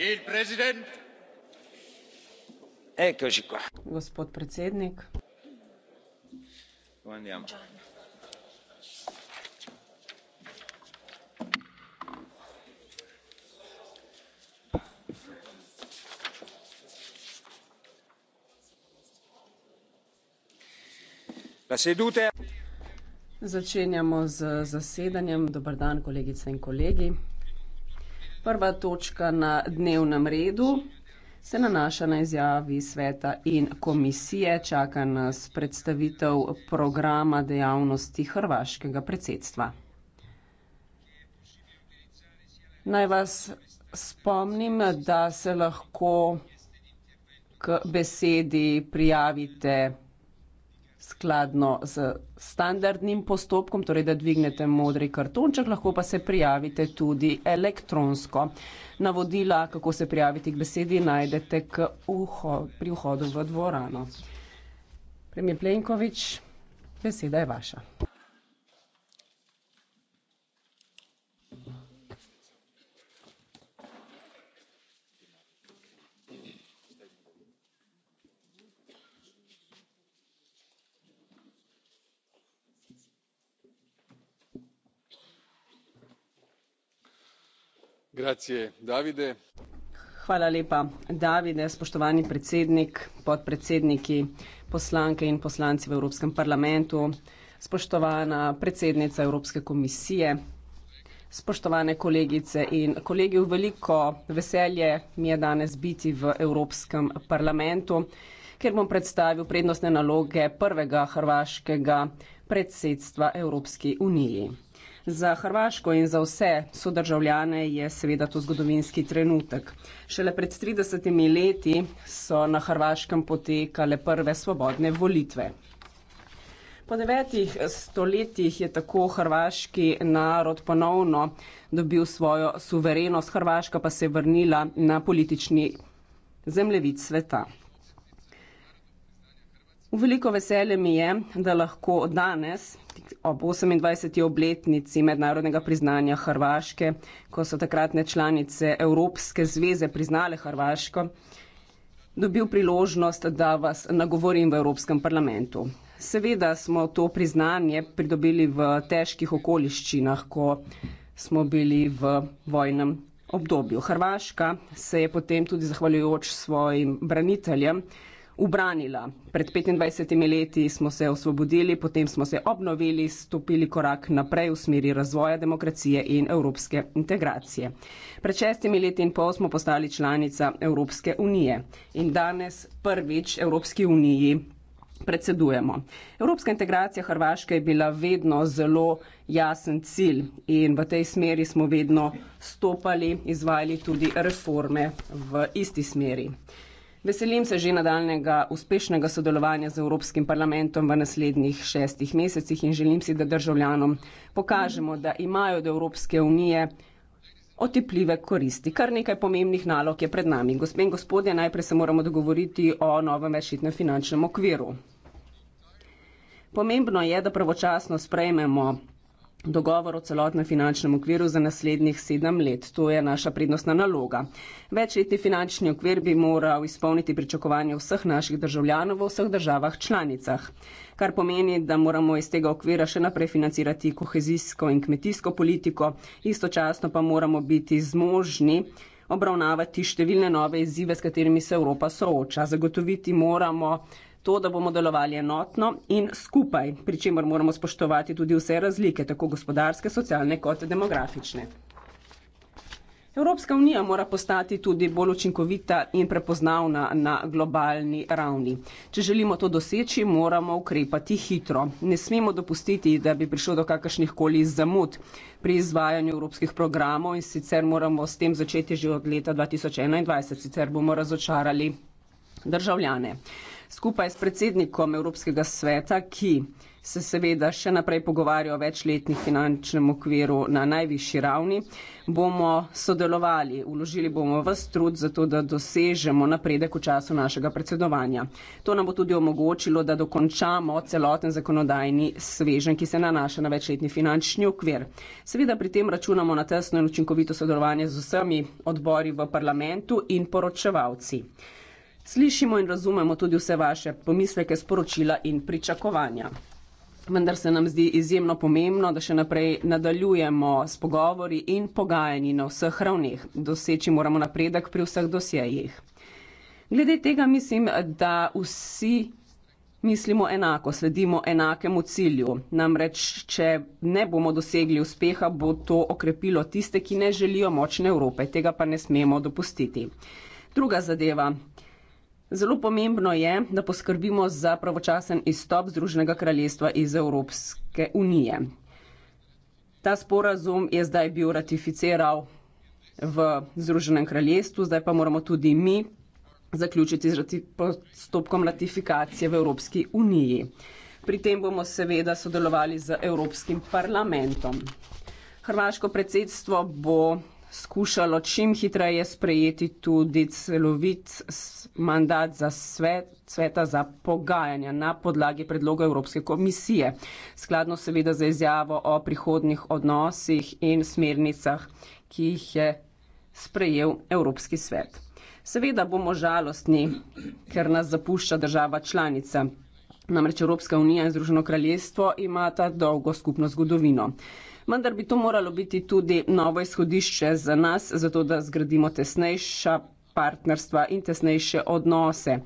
gospod predsednik gospod predsednik začenjamo z zasedanjem dober dan kolegice in kolegi. Prva točka na dnevnem redu se nanaša na izjavi sveta in komisije. Čaka nas predstavitev programa dejavnosti hrvaškega predsedstva. Naj vas spomnim, da se lahko k besedi prijavite skladno z standardnim postopkom, torej da dvignete modri kartonček, lahko pa se prijavite tudi elektronsko. Navodila, kako se prijaviti k besedi, najdete k uho, pri vhodu v dvorano. Premijer Plenković, beseda je vaša. Hvala lepa. Davide, spoštovani predsednik, podpredsedniki, poslanke in poslanci v Evropskem parlamentu, spoštovana predsednica Evropske komisije, spoštovane kolegice in kolegi. V veliko veselje mi je danes biti v Evropskem parlamentu, kjer bom predstavil prednostne naloge prvega hrvaškega predsedstva Evropski uniji. Za Hrvaško in za vse sodržavljane je seveda to zgodovinski trenutek. Šele pred 30 leti so na Hrvaškem potekale prve svobodne volitve. Po devetih stoletjih je tako hrvaški narod ponovno dobil svojo suverenost, Hrvaška pa se je vrnila na politični zemljevid sveta. V veliko veselje mi je, da lahko danes ob 28. obletnici mednarodnega priznanja Hrvaške, ko so takratne članice Evropske zveze priznale Hrvaško, dobil priložnost, da vas nagovorim v Evropskem parlamentu. Seveda smo to priznanje pridobili v težkih okoliščinah, ko smo bili v vojnem obdobju. Hrvaška se je potem tudi zahvaljujoč svojim braniteljem, ubranila. Pred 25 leti smo se osvobodili, potem smo se obnovili, stopili korak naprej v smeri razvoja demokracije in evropske integracije. Pred šestimi leti in pol smo postali članica Evropske unije in danes prvič Evropski uniji. Predsedujemo. Evropska integracija Hrvaške je bila vedno zelo jasen cilj in v tej smeri smo vedno stopali, izvajali tudi reforme v isti smeri. Veselim se že nadaljnega uspešnega sodelovanja z Evropskim parlamentom v naslednjih šestih mesecih in želim si, da državljanom pokažemo, da imajo od Evropske unije otepljive koristi. Kar nekaj pomembnih nalog je pred nami. Gospe in gospodje, najprej se moramo dogovoriti o novem rešitnem finančnem okviru. Pomembno je, da pravočasno sprejmemo dogovor o celotnem finančnem okviru za naslednjih sedem let. To je naša prednostna naloga. Večletni finančni okvir bi moral izpolniti pričakovanje vseh naših državljanov v vseh državah članicah, kar pomeni, da moramo iz tega okvira še naprej financirati kohezijsko in kmetijsko politiko, istočasno pa moramo biti zmožni obravnavati številne nove izzive, s katerimi se Evropa sooča. Zagotoviti moramo to, da bomo delovali enotno in skupaj, pri čemer moramo spoštovati tudi vse razlike, tako gospodarske, socialne kot demografične. Evropska unija mora postati tudi bolj učinkovita in prepoznavna na globalni ravni. Če želimo to doseči, moramo ukrepati hitro. Ne smemo dopustiti, da bi prišlo do kakršnih koli zamud pri izvajanju evropskih programov in sicer moramo s tem začeti že od leta 2021, sicer bomo razočarali državljane skupaj s predsednikom Evropskega sveta, ki se seveda še naprej pogovarja o večletnih finančnem okviru na najvišji ravni, bomo sodelovali, uložili bomo vse trud za to, da dosežemo napredek v času našega predsedovanja. To nam bo tudi omogočilo, da dokončamo celoten zakonodajni svežen, ki se nanaša na večletni finančni okvir. Seveda pri tem računamo na tesno in učinkovito sodelovanje z vsemi odbori v parlamentu in poročevalci. Slišimo in razumemo tudi vse vaše pomisleke, sporočila in pričakovanja. Vendar se nam zdi izjemno pomembno, da še naprej nadaljujemo s pogovori in pogajanji na vseh ravneh. Doseči moramo napredek pri vseh dosjejih. Glede tega mislim, da vsi mislimo enako, sledimo enakemu cilju. Namreč, če ne bomo dosegli uspeha, bo to okrepilo tiste, ki ne želijo močne Evrope. Tega pa ne smemo dopustiti. Druga zadeva. Zelo pomembno je, da poskrbimo za pravočasen izstop Združenega kraljestva iz Evropske unije. Ta sporazum je zdaj bil ratificiral v Združenem kraljestvu, zdaj pa moramo tudi mi zaključiti z postopkom ratifikacije v Evropski uniji. Pri tem bomo seveda sodelovali z Evropskim parlamentom. Hrvaško predsedstvo bo skušalo čim hitreje sprejeti tudi celovit mandat za svet, sveta za pogajanja na podlagi predloga Evropske komisije, skladno seveda za izjavo o prihodnih odnosih in smernicah, ki jih je sprejel Evropski svet. Seveda bomo žalostni, ker nas zapušča država članica. Namreč Evropska unija in Združeno kraljestvo imata dolgo skupno zgodovino vendar bi to moralo biti tudi novo izhodišče za nas, zato da zgradimo tesnejša partnerstva in tesnejše odnose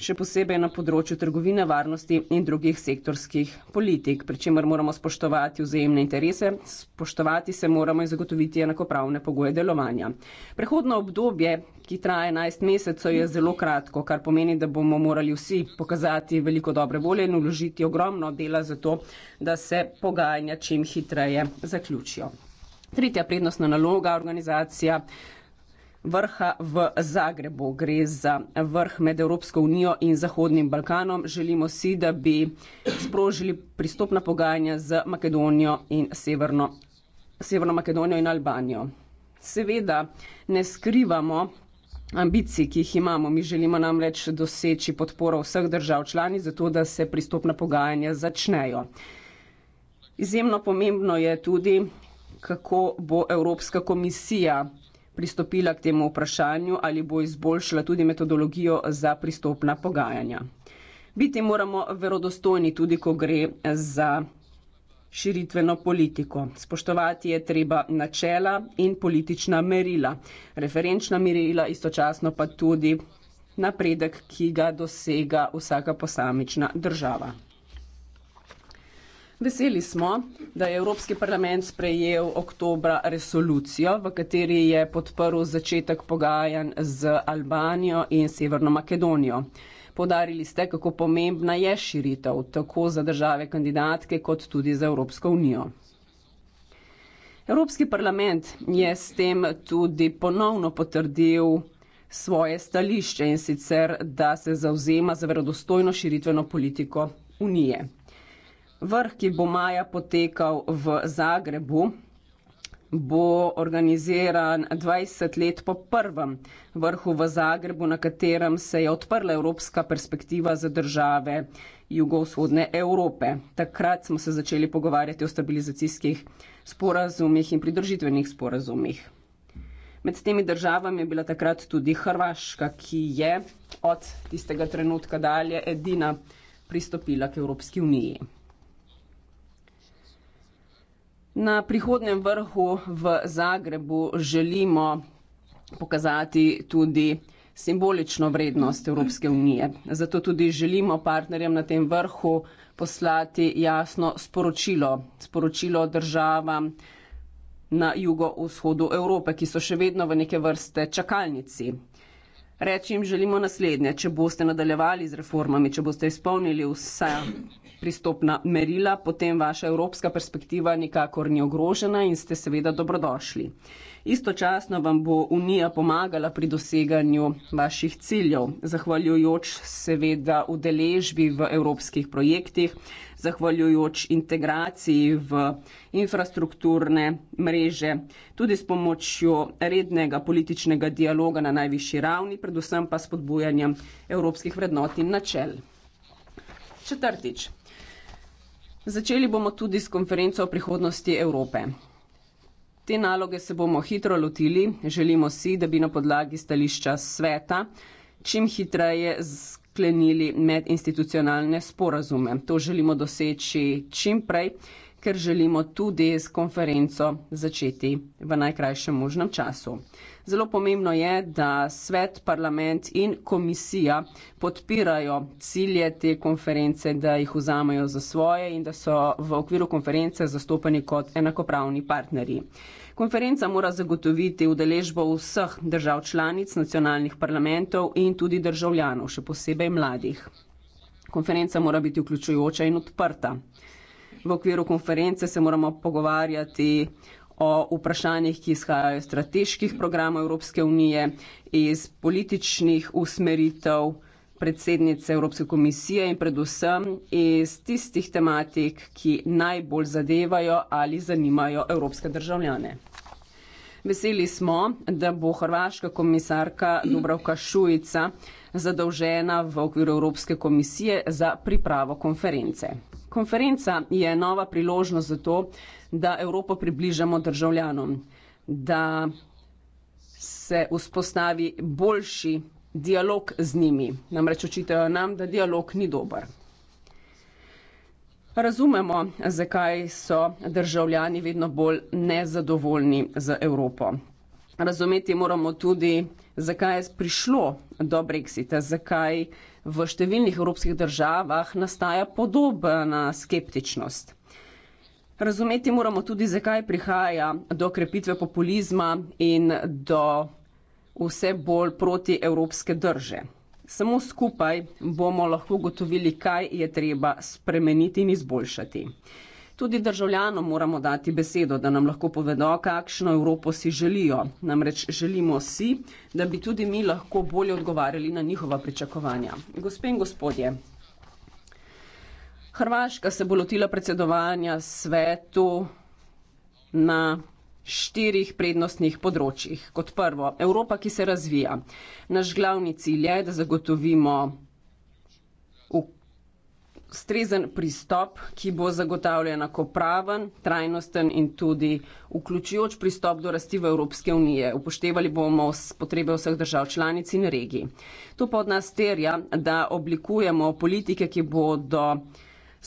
še posebej na področju trgovine, varnosti in drugih sektorskih politik, pri čemer moramo spoštovati vzajemne interese, spoštovati se moramo in zagotoviti enakopravne pogoje delovanja. Prehodno obdobje, ki traja 11 mesecev, je zelo kratko, kar pomeni, da bomo morali vsi pokazati veliko dobre volje in uložiti ogromno dela za to, da se pogajanja čim hitreje zaključijo. Tretja prednostna naloga organizacija vrha v Zagrebu. Gre za vrh med Evropsko unijo in Zahodnim Balkanom. Želimo si, da bi sprožili pristopna pogajanja z Makedonijo in Severno, Severno Makedonijo in Albanijo. Seveda ne skrivamo ambicij, ki jih imamo. Mi želimo namreč doseči podporo vseh držav člani, zato da se pristopna pogajanja začnejo. Izjemno pomembno je tudi, kako bo Evropska komisija pristopila k temu vprašanju, ali bo izboljšala tudi metodologijo za pristopna pogajanja. Biti moramo verodostojni tudi, ko gre za širitveno politiko. Spoštovati je treba načela in politična merila, referenčna merila, istočasno pa tudi napredek, ki ga dosega vsaka posamična država. Veseli smo, da je Evropski parlament sprejel oktobra resolucijo, v kateri je podprl začetek pogajanj z Albanijo in Severno Makedonijo. Podarili ste, kako pomembna je širitev tako za države kandidatke, kot tudi za Evropsko unijo. Evropski parlament je s tem tudi ponovno potrdil svoje stališče in sicer, da se zauzema za verodostojno širitveno politiko unije. Vrh, ki bo maja potekal v Zagrebu, bo organiziran 20 let po prvem vrhu v Zagrebu, na katerem se je odprla evropska perspektiva za države jugovzhodne Evrope. Takrat smo se začeli pogovarjati o stabilizacijskih sporazumih in pridržitvenih sporazumih. Med temi državami je bila takrat tudi Hrvaška, ki je od tistega trenutka dalje edina pristopila k Evropski uniji. Na prihodnem vrhu v Zagrebu želimo pokazati tudi simbolično vrednost Evropske unije. Zato tudi želimo partnerjem na tem vrhu poslati jasno sporočilo, sporočilo državam na jugovzhodu Evrope, ki so še vedno v neke vrste čakalnici reči jim želimo naslednje. Če boste nadaljevali z reformami, če boste izpolnili vsa pristopna merila, potem vaša evropska perspektiva nikakor ni ogrožena in ste seveda dobrodošli. Istočasno vam bo Unija pomagala pri doseganju vaših ciljev, zahvaljujoč seveda udeležbi v evropskih projektih, zahvaljujoč integraciji v infrastrukturne mreže, tudi s pomočjo rednega političnega dialoga na najvišji ravni, predvsem pa spodbujanjem evropskih vrednot in načel. Četrtič. Začeli bomo tudi s konferenco o prihodnosti Evrope. Te naloge se bomo hitro lotili, želimo si, da bi na podlagi stališča sveta čim hitreje sklenili medinstitucionalne sporazume. To želimo doseči čim prej, ker želimo tudi s konferenco začeti v najkrajšem možnem času. Zelo pomembno je, da svet, parlament in komisija podpirajo cilje te konference, da jih vzamejo za svoje in da so v okviru konference zastopani kot enakopravni partnerji. Konferenca mora zagotoviti udeležbo vseh držav članic, nacionalnih parlamentov in tudi državljanov, še posebej mladih. Konferenca mora biti vključujoča in odprta. V okviru konference se moramo pogovarjati o vprašanjih, ki izhajajo iz strateških programov Evropske unije, iz političnih usmeritev, predsednice Evropske komisije in predvsem iz tistih tematik, ki najbolj zadevajo ali zanimajo evropske državljane. Veseli smo, da bo hrvaška komisarka Dubravka Šujica zadolžena v okviru Evropske komisije za pripravo konference. Konferenca je nova priložnost za to, da Evropo približamo državljanom, da se vzpostavi boljši dialog z njimi. Namreč očitajo nam, da dialog ni dober. Razumemo, zakaj so državljani vedno bolj nezadovoljni z Evropo. Razumeti moramo tudi, zakaj je prišlo do Brexita, zakaj v številnih evropskih državah nastaja podobna skeptičnost. Razumeti moramo tudi, zakaj prihaja do krepitve populizma in do vse bolj protievropske drže. Samo skupaj bomo lahko ugotovili, kaj je treba spremeniti in izboljšati. Tudi državljanom moramo dati besedo, da nam lahko povedo, kakšno Evropo si želijo. Namreč želimo si, da bi tudi mi lahko bolje odgovarjali na njihova pričakovanja. Gospe in gospodje, Hrvaška se bo lotila predsedovanja svetu na štirih prednostnih področjih. Kot prvo, Evropa, ki se razvija. Naš glavni cilj je, da zagotovimo ustrezen pristop, ki bo zagotavljal enakopraven, trajnosten in tudi vključujoč pristop do rasti v Evropske unije. Upoštevali bomo potrebe vseh držav članic in regij. To pa od nas terja, da oblikujemo politike, ki bodo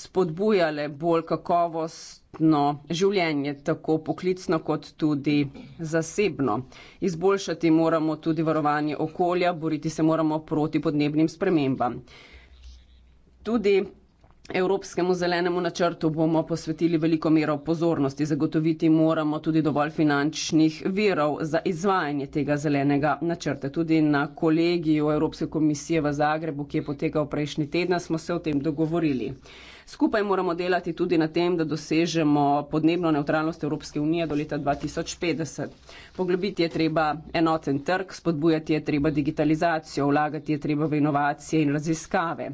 spodbujale bolj kakovost kvalitetno življenje, tako poklicno kot tudi zasebno. Izboljšati moramo tudi varovanje okolja, boriti se moramo proti podnebnim spremembam. Tudi Evropskemu zelenemu načrtu bomo posvetili veliko mero pozornosti. Zagotoviti moramo tudi dovolj finančnih virov za izvajanje tega zelenega načrta. Tudi na kolegiju Evropske komisije v Zagrebu, ki je potekal prejšnji teden, smo se o tem dogovorili. Skupaj moramo delati tudi na tem, da dosežemo podnebno neutralnost Evropske unije do leta 2050. Poglobiti je treba enoten trg, spodbujati je treba digitalizacijo, vlagati je treba v inovacije in raziskave.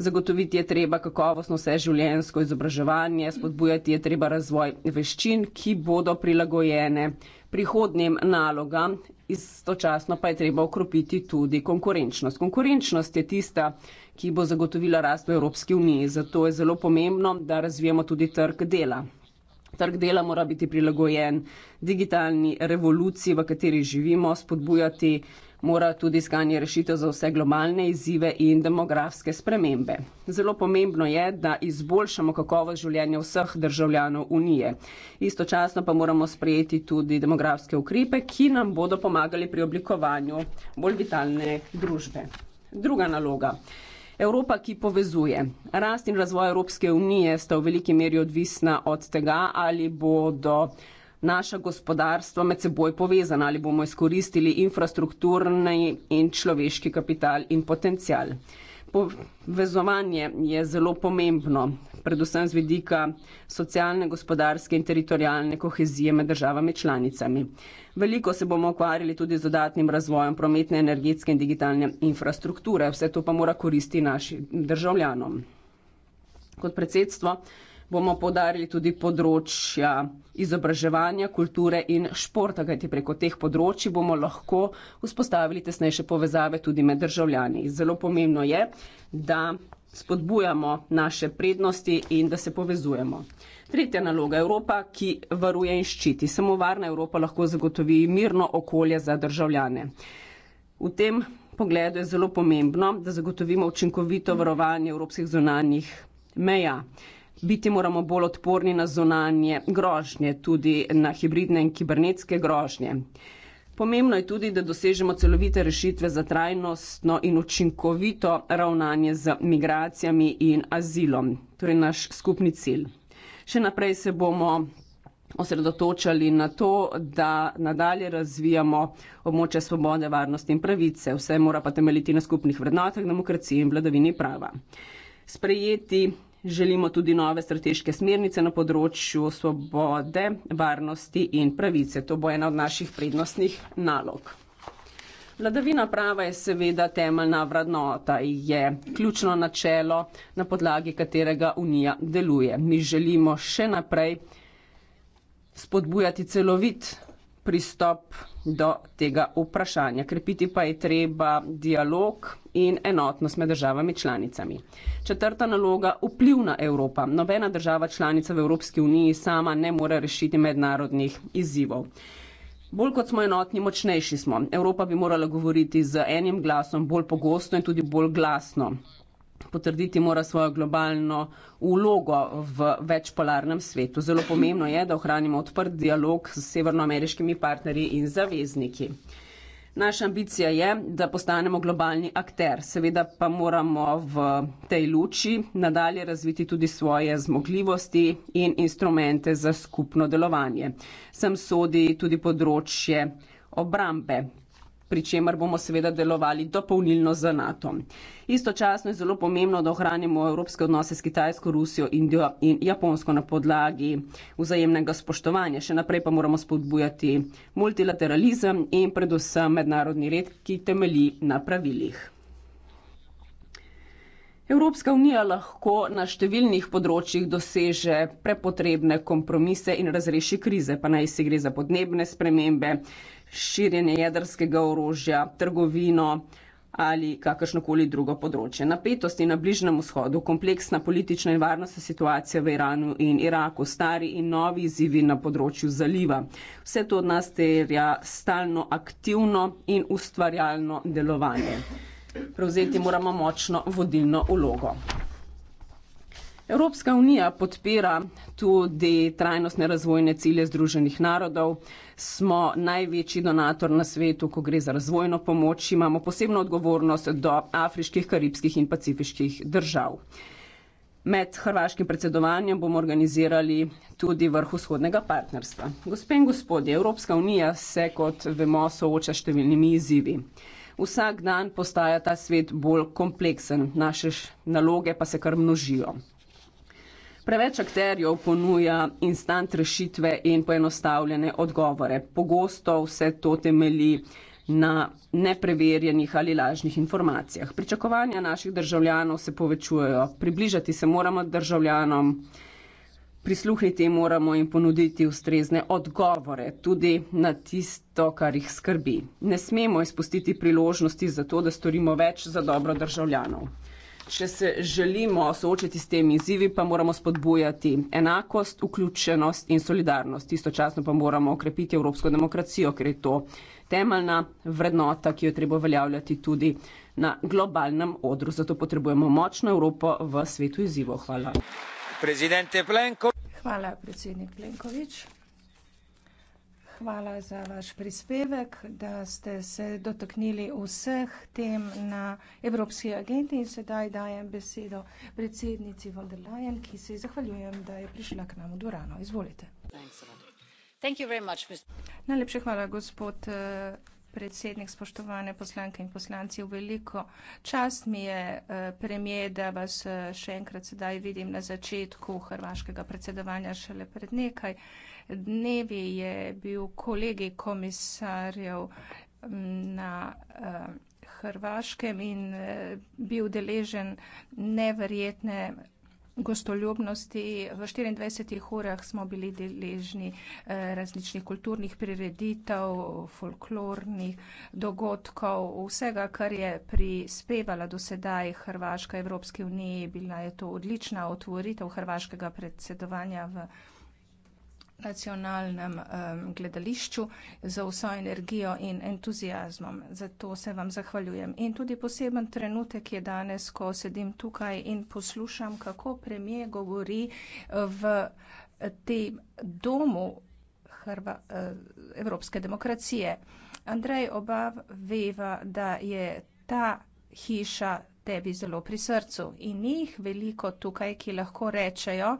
Zagotoviti je treba kakovostno vseživljenjsko izobraževanje, spodbujati je treba razvoj veščin, ki bodo prilagojene prihodnjem nalogam, istočasno pa je treba okropiti tudi konkurenčnost. Konkurenčnost je tista, ki bo zagotovila rast v Evropski uniji, zato je zelo pomembno, da razvijemo tudi trg dela. Trg dela mora biti prilagojen digitalni revoluciji, v kateri živimo, spodbujati mora tudi iskanje rešitev za vse globalne izzive in demografske spremembe. Zelo pomembno je, da izboljšamo kakovo življenje vseh državljanov Unije. Istočasno pa moramo sprejeti tudi demografske ukrepe, ki nam bodo pomagali pri oblikovanju bolj vitalne družbe. Druga naloga. Evropa, ki povezuje. Rast in razvoj Evropske unije sta v veliki meri odvisna od tega, ali bodo naša gospodarstva med seboj povezana, ali bomo izkoristili infrastrukturni in človeški kapital in potencial. Povezovanje je zelo pomembno, predvsem z vidika socialne, gospodarske in teritorijalne kohezije med državami članicami. Veliko se bomo ukvarjali tudi z dodatnim razvojem prometne, energetske in digitalne infrastrukture. Vse to pa mora koristi našim državljanom. Kot predsedstvo bomo podarili tudi področja izobraževanja, kulture in športa, kajti preko teh področji bomo lahko vzpostavili tesnejše povezave tudi med državljani. Zelo pomembno je, da spodbujamo naše prednosti in da se povezujemo. Tretja naloga je Evropa, ki varuje in ščiti. Samo varna Evropa lahko zagotovi mirno okolje za državljane. V tem pogledu je zelo pomembno, da zagotovimo učinkovito varovanje evropskih zunanjih meja. Biti moramo bolj odporni na zonanje grožnje, tudi na hibridne in kibernetske grožnje. Pomembno je tudi, da dosežemo celovite rešitve za trajnostno in učinkovito ravnanje z migracijami in azilom. To torej, je naš skupni cilj. Še naprej se bomo osredotočali na to, da nadalje razvijamo območje svobode, varnosti in pravice. Vse mora pa temeljiti na skupnih vrednotah, demokraciji in vladavini prava. Sprejeti želimo tudi nove strateške smernice na področju svobode, varnosti in pravice. To bo ena od naših prednostnih nalog. Vladavina prava je seveda temeljna vrednota, je ključno načelo, na podlagi katerega Unija deluje. Mi želimo še naprej spodbujati celovit pristop do tega vprašanja. Krepiti pa je treba dialog in enotnost med državami članicami. Četrta naloga - vplivna Evropa. Nobena država članica v Evropski uniji sama ne more rešiti mednarodnih izzivov. Bolj kot smo enotni, močnejši smo. Evropa bi morala govoriti z enim glasom bolj pogosto in tudi bolj glasno potrditi mora svojo globalno ulogo v večpolarnem svetu. Zelo pomembno je, da ohranimo odprt dialog s severnoameriškimi partnerji in zavezniki. Naša ambicija je, da postanemo globalni akter. Seveda pa moramo v tej luči nadalje razviti tudi svoje zmogljivosti in instrumente za skupno delovanje. Sem sodi tudi področje obrambe pri čemer bomo seveda delovali dopolnilno z NATO. Istočasno je zelo pomembno, da ohranimo evropske odnose s Kitajsko, Rusijo, Indijo in Japonsko na podlagi vzajemnega spoštovanja. Še naprej pa moramo spodbujati multilateralizem in predvsem mednarodni red, ki temelji na pravilih. Evropska unija lahko na številnih področjih doseže prepotrebne kompromise in razreši krize, pa naj si gre za podnebne spremembe, širjenje jedrskega orožja, trgovino ali kakršnokoli drugo področje. Napetosti na Bližnem vzhodu, kompleksna politična in varnostna situacija v Iranu in Iraku, stari in novi izzivi na področju zaliva. Vse to od nas terja stalno aktivno in ustvarjalno delovanje. Prevzeti moramo močno vodilno ulogo. Evropska unija podpira tudi trajnostne razvojne cilje Združenih narodov. Smo največji donator na svetu, ko gre za razvojno pomoč. Imamo posebno odgovornost do afriških, karibskih in pacifiških držav. Med hrvaškim predsedovanjem bomo organizirali tudi vrh vzhodnega partnerstva. Gospe in gospodje, Evropska unija se, kot vemo, sooča številnimi izzivi. Vsak dan postaja ta svet bolj kompleksen, naše naloge pa se kar množijo. Preveč akterjev ponuja instant rešitve in poenostavljene odgovore. Pogosto vse to temelji na nepreverjenih ali lažnih informacijah. Pričakovanja naših državljanov se povečujejo. Približati se moramo državljanom, prisluhniti moramo in ponuditi ustrezne odgovore tudi na tisto, kar jih skrbi. Ne smemo izpustiti priložnosti za to, da storimo več za dobro državljanov. Če se želimo soočiti s temi izzivi, pa moramo spodbujati enakost, vključenost in solidarnost. Istočasno pa moramo okrepiti evropsko demokracijo, ker je to temeljna vrednota, ki jo treba uveljavljati tudi na globalnem odru. Zato potrebujemo močno Evropo v svetu izzivov. Hvala. Hvala, predsednik Plenković hvala za vaš prispevek, da ste se dotaknili vseh tem na Evropski agenti in sedaj dajem besedo predsednici von der Leyen, ki se ji zahvaljujem, da je prišla k nam v Durano. Izvolite. Najlepša hvala, gospod eh, predsednik, spoštovane poslanke in poslanci. V veliko čast mi je eh, premije, da vas eh, še enkrat sedaj vidim na začetku hrvaškega predsedovanja šele pred nekaj dnevi je bil kolegi komisarjev mm, na uh, Hrvaškem in uh, bil deležen neverjetne gostoljubnosti. V 24 urah smo bili deležni uh, različnih kulturnih prireditev, folklornih dogodkov, vsega, kar je prispevala do sedaj Hrvaška Evropske unije. Bila je to odlična otvoritev Hrvaškega predsedovanja v Hrvaškem nacionalnem um, gledališču za vso energijo in entuzijazmom. Zato se vam zahvaljujem. In tudi poseben trenutek je danes, ko sedim tukaj in poslušam, kako premije govori eh, v eh, tem domu Hrva, uh, Evropske demokracije. Andrej, oba veva, da je ta hiša tebi zelo pri srcu in jih veliko tukaj, ki lahko rečejo,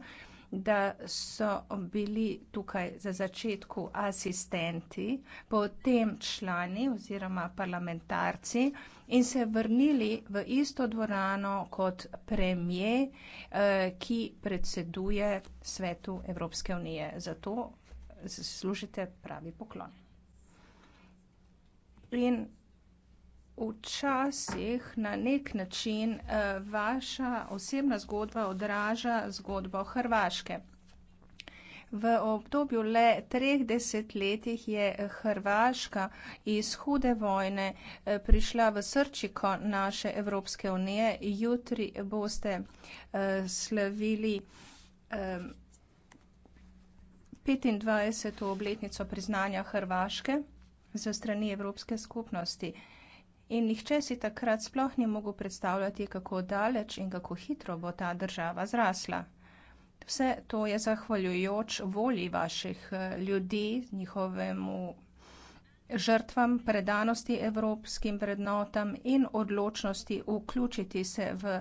da so bili tukaj za začetku asistenti, potem člani oziroma parlamentarci in se vrnili v isto dvorano kot premije, eh, ki predseduje svetu Evropske unije. Zato zaslužite pravi poklon. In včasih na nek način eh, vaša osebna zgodba odraža zgodbo Hrvaške. V obdobju le treh desetletjih je Hrvaška iz hude vojne eh, prišla v srčiko naše Evropske unije. Jutri boste eh, slavili 25. obletnico priznanja Hrvaške za strani Evropske skupnosti. In nihče si takrat sploh ni mogel predstavljati, kako daleč in kako hitro bo ta država zrasla. Vse to je zahvaljujoč volji vaših eh, ljudi, njihovemu žrtvam, predanosti evropskim vrednotam in odločnosti vključiti se v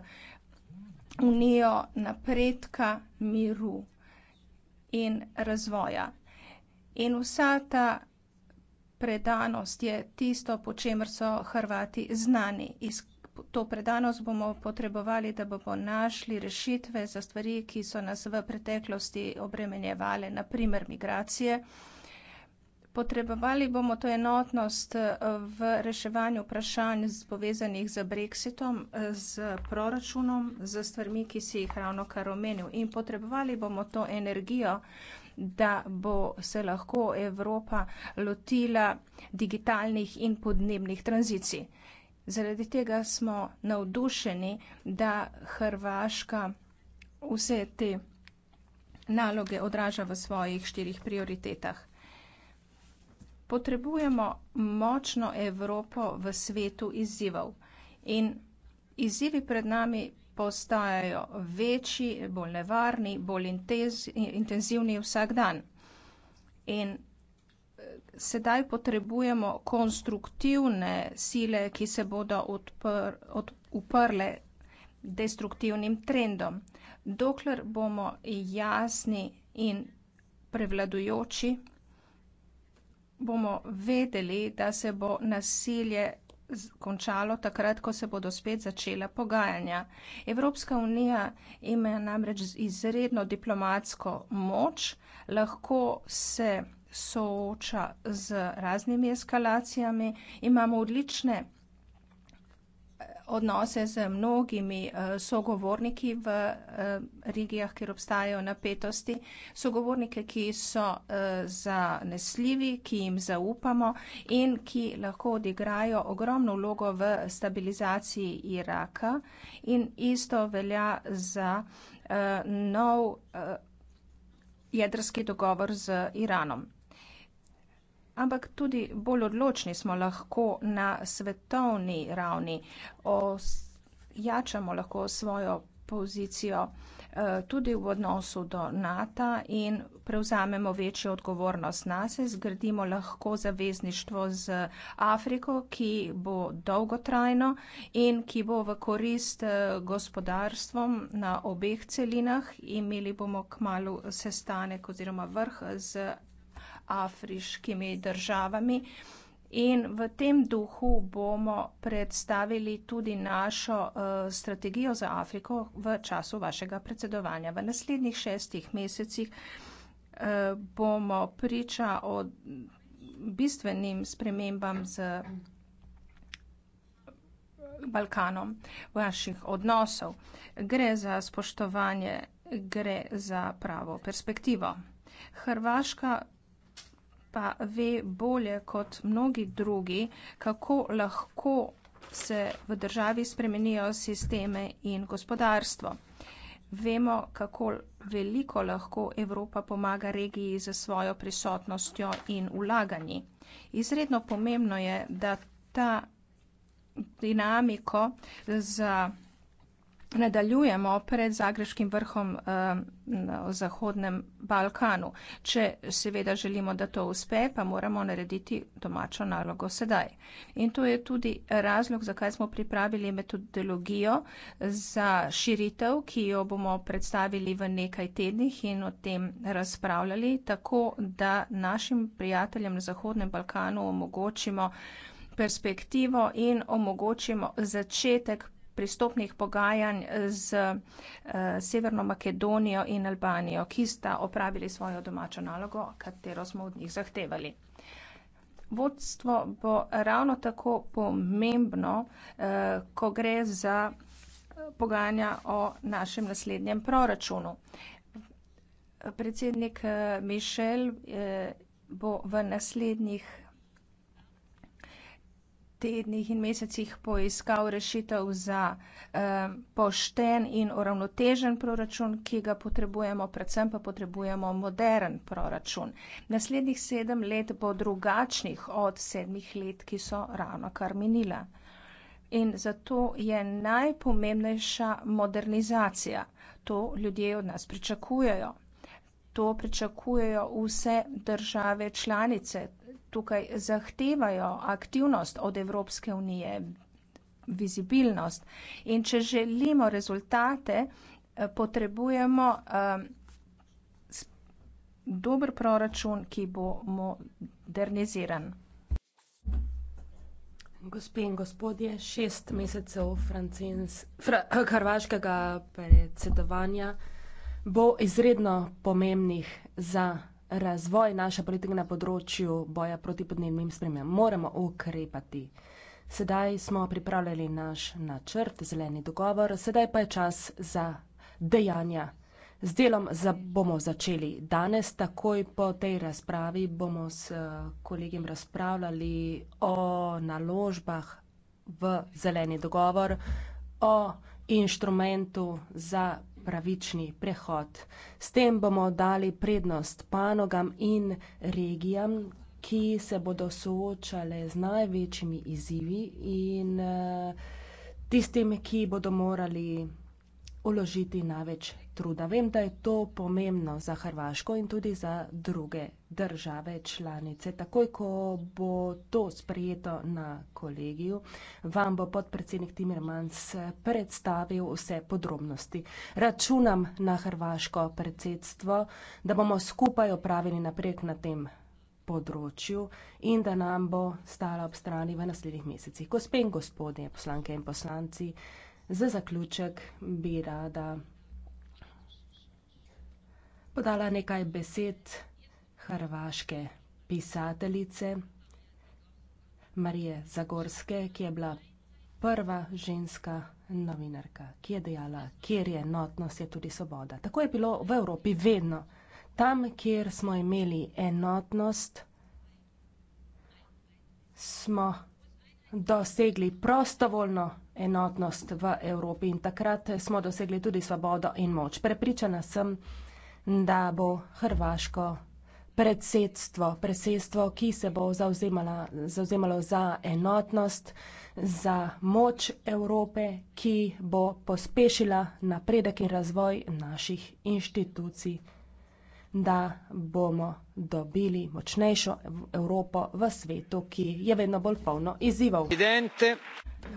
unijo napredka, miru in razvoja. In vsa ta predanost je tisto, po čemer so Hrvati znani. Iz to predanost bomo potrebovali, da bomo našli rešitve za stvari, ki so nas v preteklosti obremenjevale, naprimer migracije. Potrebovali bomo to enotnost v reševanju vprašanj povezanih z brexitom, z proračunom, z stvarmi, ki si jih ravno kar omenil. In potrebovali bomo to energijo, da bo se lahko Evropa lotila digitalnih in podnebnih tranzicij. Zaradi tega smo navdušeni, da Hrvaška vse te naloge odraža v svojih štirih prioritetah. Potrebujemo močno Evropo v svetu izzivov in izzivi pred nami postajajo večji, bolj nevarni, bolj intenz, intenzivni vsak dan. In eh, sedaj potrebujemo konstruktivne sile, ki se bodo odpr, od, uprle destruktivnim trendom. Dokler bomo jasni in prevladujoči, bomo vedeli, da se bo nasilje končalo takrat, ko se bodo spet začela pogajanja. Evropska unija ima namreč izredno diplomatsko moč, lahko se sooča z raznimi eskalacijami, imamo odlične odnose z mnogimi uh, sogovorniki v uh, regijah, kjer obstajajo napetosti, sogovornike, ki so uh, zanesljivi, ki jim zaupamo in ki lahko odigrajo ogromno vlogo v stabilizaciji Iraka in isto velja za uh, nov uh, jedrski dogovor z Iranom ampak tudi bolj odločni smo lahko na svetovni ravni. Jačamo lahko svojo pozicijo eh, tudi v odnosu do NATO in prevzamemo večjo odgovornost nase, zgradimo lahko zavezništvo z Afriko, ki bo dolgotrajno in ki bo v korist eh, gospodarstvom na obeh celinah. Imeli bomo k malu sestanek oziroma vrh z afriškimi državami. In v tem duhu bomo predstavili tudi našo uh, strategijo za Afriko v času vašega predsedovanja. V naslednjih šestih mesecih uh, bomo priča o bistvenim spremembam z Balkanom vaših odnosov. Gre za spoštovanje, gre za pravo perspektivo. Hrvaška pa ve bolje kot mnogi drugi, kako lahko se v državi spremenijo sisteme in gospodarstvo. Vemo, kako veliko lahko Evropa pomaga regiji za svojo prisotnostjo in ulaganji. Izredno pomembno je, da ta dinamiko za nadaljujemo pred zagreškim vrhom eh, na Zahodnem Balkanu. Če seveda želimo, da to uspe, pa moramo narediti domačo nalogo sedaj. In to je tudi razlog, zakaj smo pripravili metodologijo za širitev, ki jo bomo predstavili v nekaj tednih in o tem razpravljali, tako da našim prijateljem na Zahodnem Balkanu omogočimo perspektivo in omogočimo začetek pristopnih pogajanj eh, z eh, Severno Makedonijo in Albanijo, ki sta opravili svojo domačo nalogo, katero smo od njih zahtevali. Vodstvo bo ravno tako pomembno, eh, ko gre za pogajanja o našem naslednjem proračunu. Predsednik Mišel bo v naslednjih tednih in mesecih poiskal rešitev za eh, pošten in uravnotežen proračun, ki ga potrebujemo, predvsem pa potrebujemo modern proračun. Naslednjih sedem let bo drugačnih od sedmih let, ki so ravno kar minila. In zato je najpomembnejša modernizacija. To ljudje od nas pričakujejo. To pričakujejo vse države članice, tukaj zahtevajo aktivnost od Evropske unije, vizibilnost. In če želimo rezultate, eh, potrebujemo uh, dober proračun, ki bo moderniziran. Gospe in gospodje, šest mesecev francins, fra, hrvaškega predsedovanja bo izredno pomembnih za razvoj naše politike na področju boja proti podnebnim spremem. Moramo ukrepati. Sedaj smo pripravljali naš načrt, zeleni dogovor, sedaj pa je čas za dejanja. Z delom za, bomo začeli danes, takoj po tej razpravi bomo s kolegim razpravljali o naložbah v zeleni dogovor, o inštrumentu za pravični prehod. S tem bomo dali prednost panogam in regijam, ki se bodo soočale z največjimi izzivi in eh, tistim, ki bodo morali uložiti največ truda. Vem, da je to pomembno za Hrvaško in tudi za druge države članice. Takoj, ko bo to sprejeto na kolegiju, vam bo podpredsednik Timirmans predstavil vse podrobnosti. Računam na Hrvaško predsedstvo, da bomo skupaj opravili napredek na tem področju in da nam bo stala ob strani v naslednjih mesecih. Gospe in gospodje, poslanke in poslanci, Za zaključek bi rada podala nekaj besed hrvaške pisateljice Marije Zagorske, ki je bila prva ženska novinarka, ki je dejala, kjer je enotnost, je tudi svoboda. Tako je bilo v Evropi vedno. Tam, kjer smo imeli enotnost, smo dosegli prostovoljno enotnost v Evropi in takrat smo dosegli tudi svobodo in moč. Prepričana sem, da bo Hrvaško predsedstvo, predsedstvo, ki se bo zauzemalo za enotnost, za moč Evrope, ki bo pospešila napredek in razvoj naših inštitucij da bomo dobili močnejšo Evropo v svetu, ki je vedno bolj polno izzivov.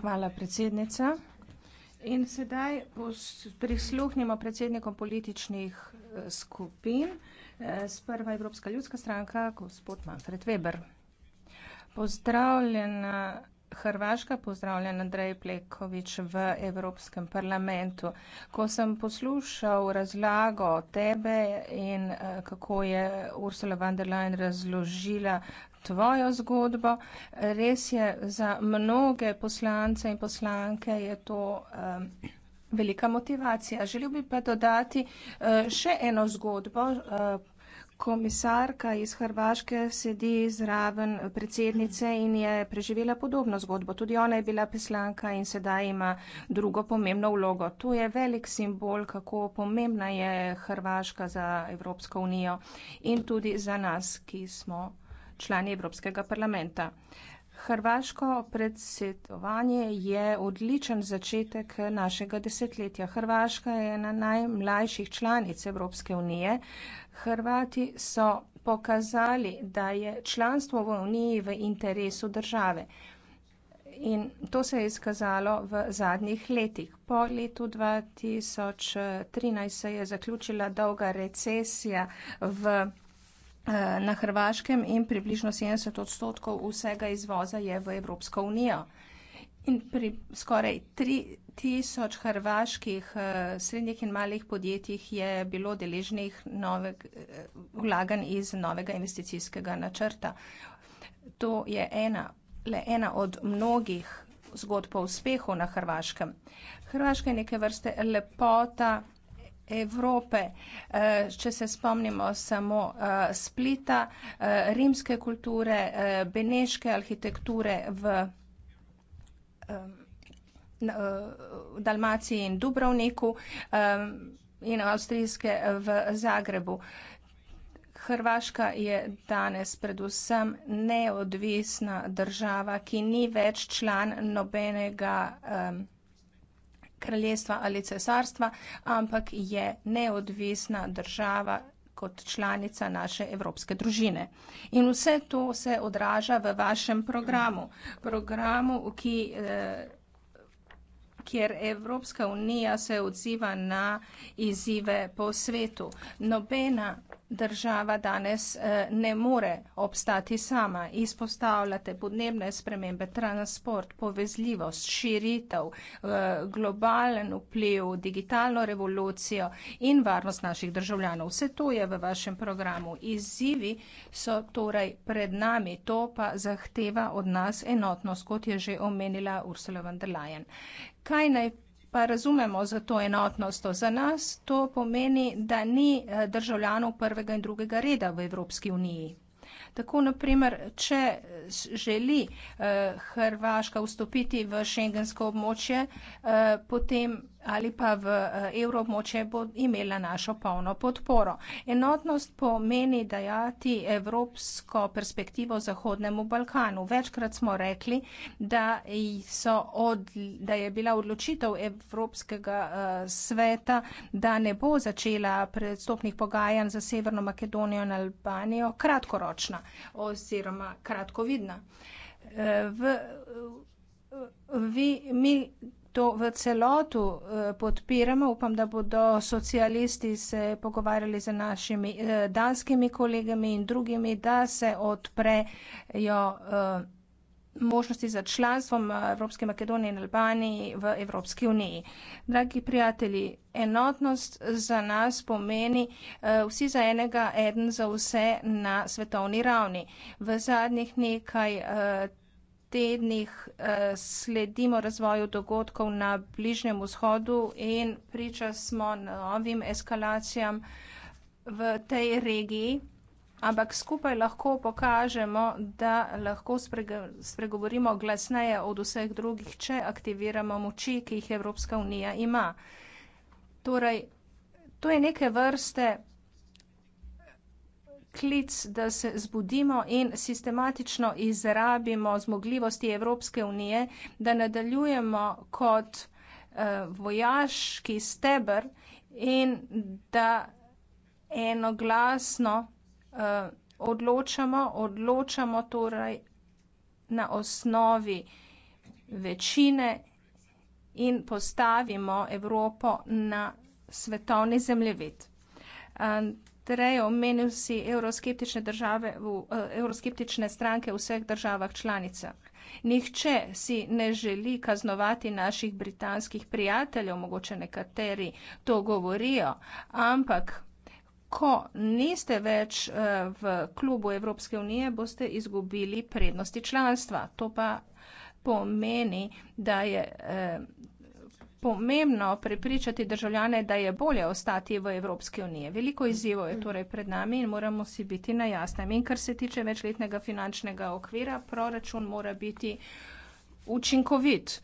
Hvala, predsednica. In sedaj prisluhnimo predsednikom političnih eh, skupin. Eh, sprva Evropska ljudska stranka, gospod Manfred Weber. Pozdravljena Hrvaška pozdravlja Andrej Plekovič v Evropskem parlamentu. Ko sem poslušal razlago tebe in eh, kako je Ursula von der Leyen razložila tvojo zgodbo, res je za mnoge poslance in poslanke je to. Um, Velika motivacija. Želel bi pa dodati eh, še eno zgodbo, komisarka iz Hrvaške sedi zraven predsednice in je preživela podobno zgodbo. Tudi ona je bila poslanka in sedaj ima drugo pomembno vlogo. To je velik simbol, kako pomembna je Hrvaška za Evropsko unijo in tudi za nas, ki smo člani Evropskega parlamenta. Hrvaško predsedovanje je odličen začetek našega desetletja. Hrvaška je ena najmlajših članic Evropske unije. Hrvati so pokazali, da je članstvo v Uniji v interesu države. In to se je izkazalo v zadnjih letih. Po letu 2013 se je zaključila dolga recesija v, eh, na Hrvaškem in približno 70 odstotkov vsega izvoza je v Evropsko unijo. In pri skoraj 3000 hrvaških eh, srednjih in malih podjetjih je bilo deležnih noveg, eh, vlagan iz novega investicijskega načrta. To je ena, le ena od mnogih zgodb o uspehu na Hrvaškem. Hrvaška je neke vrste lepota Evrope. Eh, če se spomnimo samo splita, rimske kulture, beneške arhitekture v Hrvaškem, Um, uh, v Dalmaciji in Dubrovniku um, in avstrijske uh, v Zagrebu. Hrvaška je danes predvsem neodvisna država, ki ni več član nobenega um, kraljestva ali cesarstva, ampak je neodvisna država kot članica naše evropske družine. In vse to se odraža v vašem programu, programu, ki, eh, kjer Evropska unija se odziva na izzive po svetu. Nobena država danes eh, ne more obstati sama. Izpostavljate podnebne spremembe, transport, povezljivost, širitev, eh, globalen vpliv, digitalno revolucijo in varnost naših državljanov. Vse to je v vašem programu. Izzivi so torej pred nami. To pa zahteva od nas enotnost, kot je že omenila Ursula von der Leyen. Kaj naj pa razumemo za to enotnost. Za nas to pomeni, da ni eh, državljanov prvega in drugega reda v Evropski uniji. Tako, naprimer, če želi eh, Hrvaška vstopiti v šengensko območje, eh, potem ali pa v eh, evroobmoče bo imela našo polno podporo. Enotnost pomeni dajati evropsko perspektivo Zahodnemu Balkanu. Večkrat smo rekli, da, od, da je bila odločitev Evropskega eh, sveta, da ne bo začela predstopnih pogajanj za Severno Makedonijo in Albanijo kratkoročna oziroma kratkovidna. Eh, v, v, v, v, mi to v celotu eh, podpiramo. Upam, da bodo socialisti se pogovarjali z našimi eh, danskimi kolegami in drugimi, da se odprejo eh, možnosti za članstvom Evropske Makedonije in Albanije v Evropski uniji. Dragi prijatelji, enotnost za nas pomeni vsi za enega, eden za vse na svetovni ravni. V zadnjih nekaj tednih eh, sledimo razvoju dogodkov na Bližnjem vzhodu in priča smo novim eskalacijam v tej regiji, ampak skupaj lahko pokažemo, da lahko spregovorimo glasneje od vseh drugih, če aktiviramo moči, ki jih Evropska unija ima. Torej, to je neke vrste klic, da se zbudimo in sistematično izrabimo zmogljivosti Evropske unije, da nadaljujemo kot uh, vojaški stebr in da enoglasno uh, odločamo, odločamo torej na osnovi večine in postavimo Evropo na svetovni zemljevid. Uh, Treje omenil si evroskeptične države, eh, evroskeptične stranke v vseh državah članicah. Nihče si ne želi kaznovati naših britanskih prijateljev, mogoče nekateri to govorijo, ampak ko niste več eh, v klubu Evropske unije, boste izgubili prednosti članstva. To pa pomeni, da je eh, pomembno prepričati državljane, da je bolje ostati v Evropski uniji. Veliko izzivov je torej pred nami in moramo si biti na jasnem. In kar se tiče večletnega finančnega okvira, proračun mora biti učinkovit.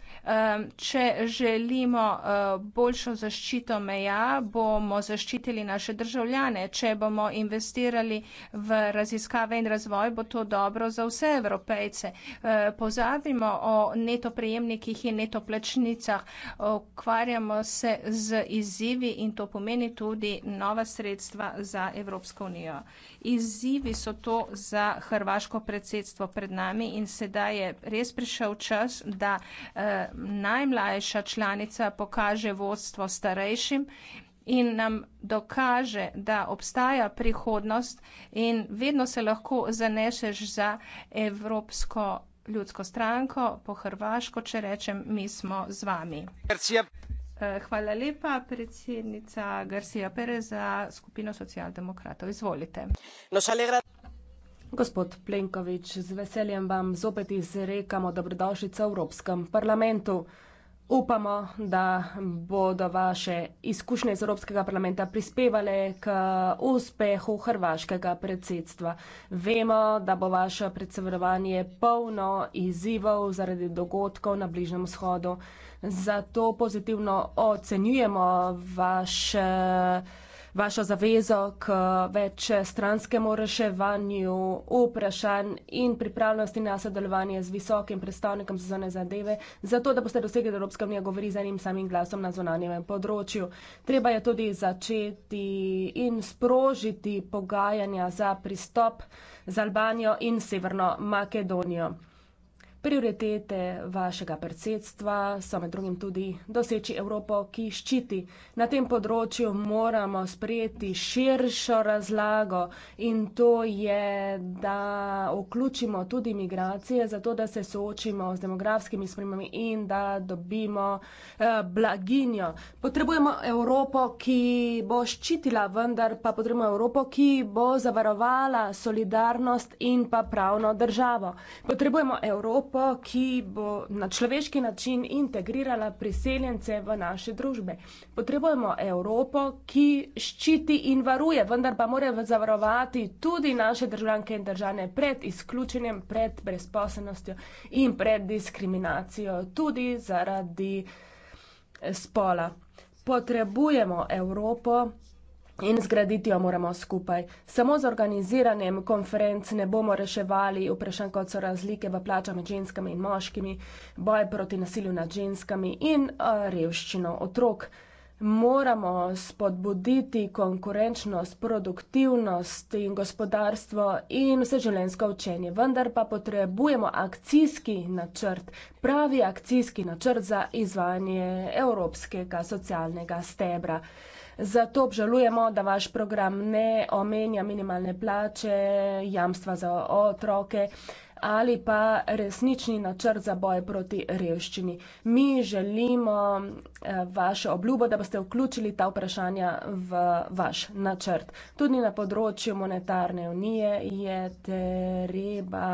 Če želimo e, boljšo zaščito meja, bomo zaščitili naše državljane. Če bomo investirali v raziskave in razvoj, bo to dobro za vse evropejce. E, Pozavimo o neto prejemnikih in neto plačnicah, okvarjamo se z izzivi in to pomeni tudi nova sredstva za Evropsko unijo. Izzivi so to za hrvaško predsedstvo pred nami in sedaj je res prišel čas, čas, da eh, najmlajša članica pokaže vodstvo starejšim in nam dokaže, da obstaja prihodnost in vedno se lahko zaneseš za Evropsko ljudsko stranko, po Hrvaško, če rečem, mi smo z vami. Eh, hvala lepa, predsednica Garcia Perez za skupino socialdemokratov. Izvolite. No, Gospod Plenković, z veseljem vam zopet izrekamo dobrodošlico v Evropskem parlamentu. Upamo, da bodo vaše izkušnje iz Evropskega parlamenta prispevale k uspehu hrvaškega predsedstva. Vemo, da bo vaše predsedovanje polno izzivov zaradi dogodkov na Bližnjem shodu. Zato pozitivno ocenjujemo vaš uh, vašo zavezo k večstranskemu reševanju vprašanj in pripravljenosti na sodelovanje z visokim predstavnikom za zone zadeve, zato da boste dosegli, da Evropska unija govori z enim samim glasom na zonanjem področju. Treba je tudi začeti in sprožiti pogajanja za pristop z Albanijo in Severno Makedonijo prioritete vašega predsedstva so med drugim tudi doseči Evropo, ki ščiti. Na tem področju moramo sprejeti širšo razlago in to je, da vključimo tudi migracije, zato da se soočimo z demografskimi spremembami in da dobimo eh, blaginjo. Potrebujemo Evropo, ki bo ščitila, vendar pa potrebujemo Evropo, ki bo zavarovala solidarnost in pa pravno državo. Potrebujemo Evropo, OP, ki bo na človeški način integrirala priseljence v naše družbe. Potrebujemo Evropo, ki ščiti in varuje, vendar pa mora zavarovati tudi naše državljanke in državljane pred izključenjem, pred brezposobnostjo in pred diskriminacijo, tudi zaradi spola. Potrebujemo Evropo, In zgraditi jo moramo skupaj. Samo z organiziranjem konferenc ne bomo reševali vprašanj, kot so razlike v plačah med ženskami in moškimi, boj proti nasilju nad ženskami in a, revščino otrok. Moramo spodbuditi konkurenčnost, produktivnost in gospodarstvo in vse življenjsko učenje. Vendar pa potrebujemo akcijski načrt, pravi akcijski načrt za izvajanje evropskega socialnega stebra. Zato obžalujemo, da vaš program ne omenja minimalne plače, jamstva za otroke ali pa resnični načrt za boj proti revščini. Mi želimo eh, vaše obljubo, da boste vključili ta vprašanja v vaš načrt. Tudi na področju monetarne unije je treba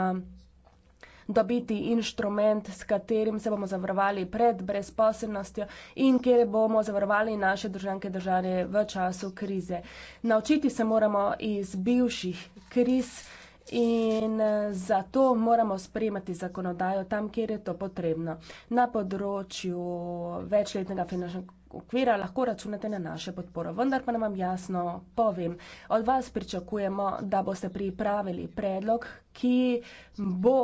dobiti inštrument, s katerim se bomo zavarovali pred brezposobnostjo in kjer bomo zavarovali naše državljanke države v času krize. Naučiti se moramo iz bivših kriz in zato moramo spremati zakonodajo tam, kjer je to potrebno. Na področju večletnega finančnega okvira lahko računate na naše podporo. Vendar pa nam vam jasno povem, od vas pričakujemo, da boste pripravili predlog, ki bo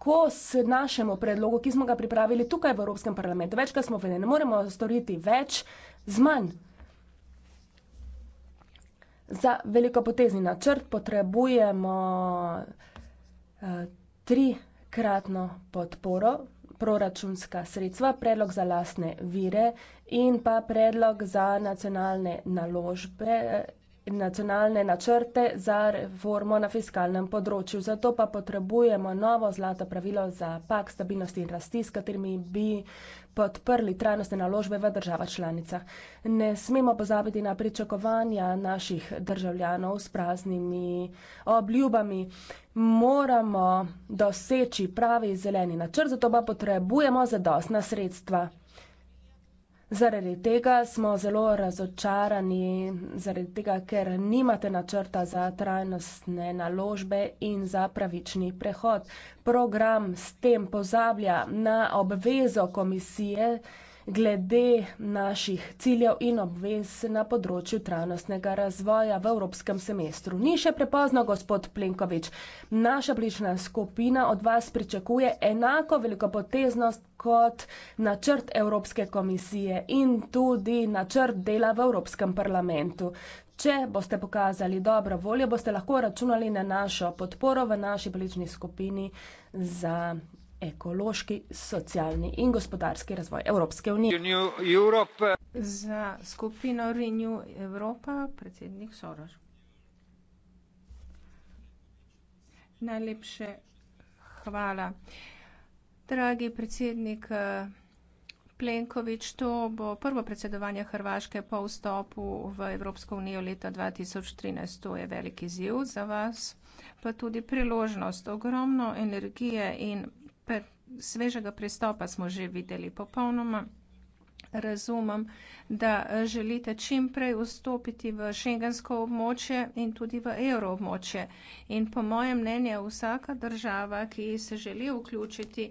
ko s našemu predlogu, ki smo ga pripravili tukaj v Evropskem parlamentu, večkrat smo vedeli, ne moremo storiti več z manj. Za velikopotezni načrt potrebujemo uh, trikratno podporo, proračunska sredstva, predlog za lastne vire in pa predlog za nacionalne naložbe. Uh, nacionalne načrte za reformo na fiskalnem področju. Zato pa potrebujemo novo zlato pravilo za pak stabilnosti in rasti, s katerimi bi podprli trajnostne naložbe v država članica. Ne smemo pozabiti na pričakovanja naših državljanov s praznimi obljubami. Moramo doseči pravi zeleni načrt, zato pa potrebujemo zadostna sredstva. Zaradi tega smo zelo razočarani, zaradi tega, ker nimate načrta za trajnostne naložbe in za pravični prehod. Program s tem pozablja na obvezo komisije, glede naših ciljev in obvez na področju trajnostnega razvoja v evropskem semestru. Ni še prepozno, gospod Plenkovič. Naša blična skupina od vas pričakuje enako velikopoteznost kot načrt Evropske komisije in tudi načrt dela v Evropskem parlamentu. Če boste pokazali dobro voljo, boste lahko računali na našo podporo v naši blični skupini za ekološki, socialni in gospodarski razvoj Evropske unije. Za skupino Renew Evropa, predsednik Soros. Najlepše hvala. Dragi predsednik eh, Plenković, to bo prvo predsedovanje Hrvaške po vstopu v Evropsko unijo leta 2013. To je veliki ziv za vas, pa tudi priložnost. Ogromno energije in per, svežega prestopa smo že videli popolnoma. Razumem, da želite čim prej vstopiti v šengensko območje in tudi v evroobmočje. In po mojem mnenju vsaka država, ki se želi vključiti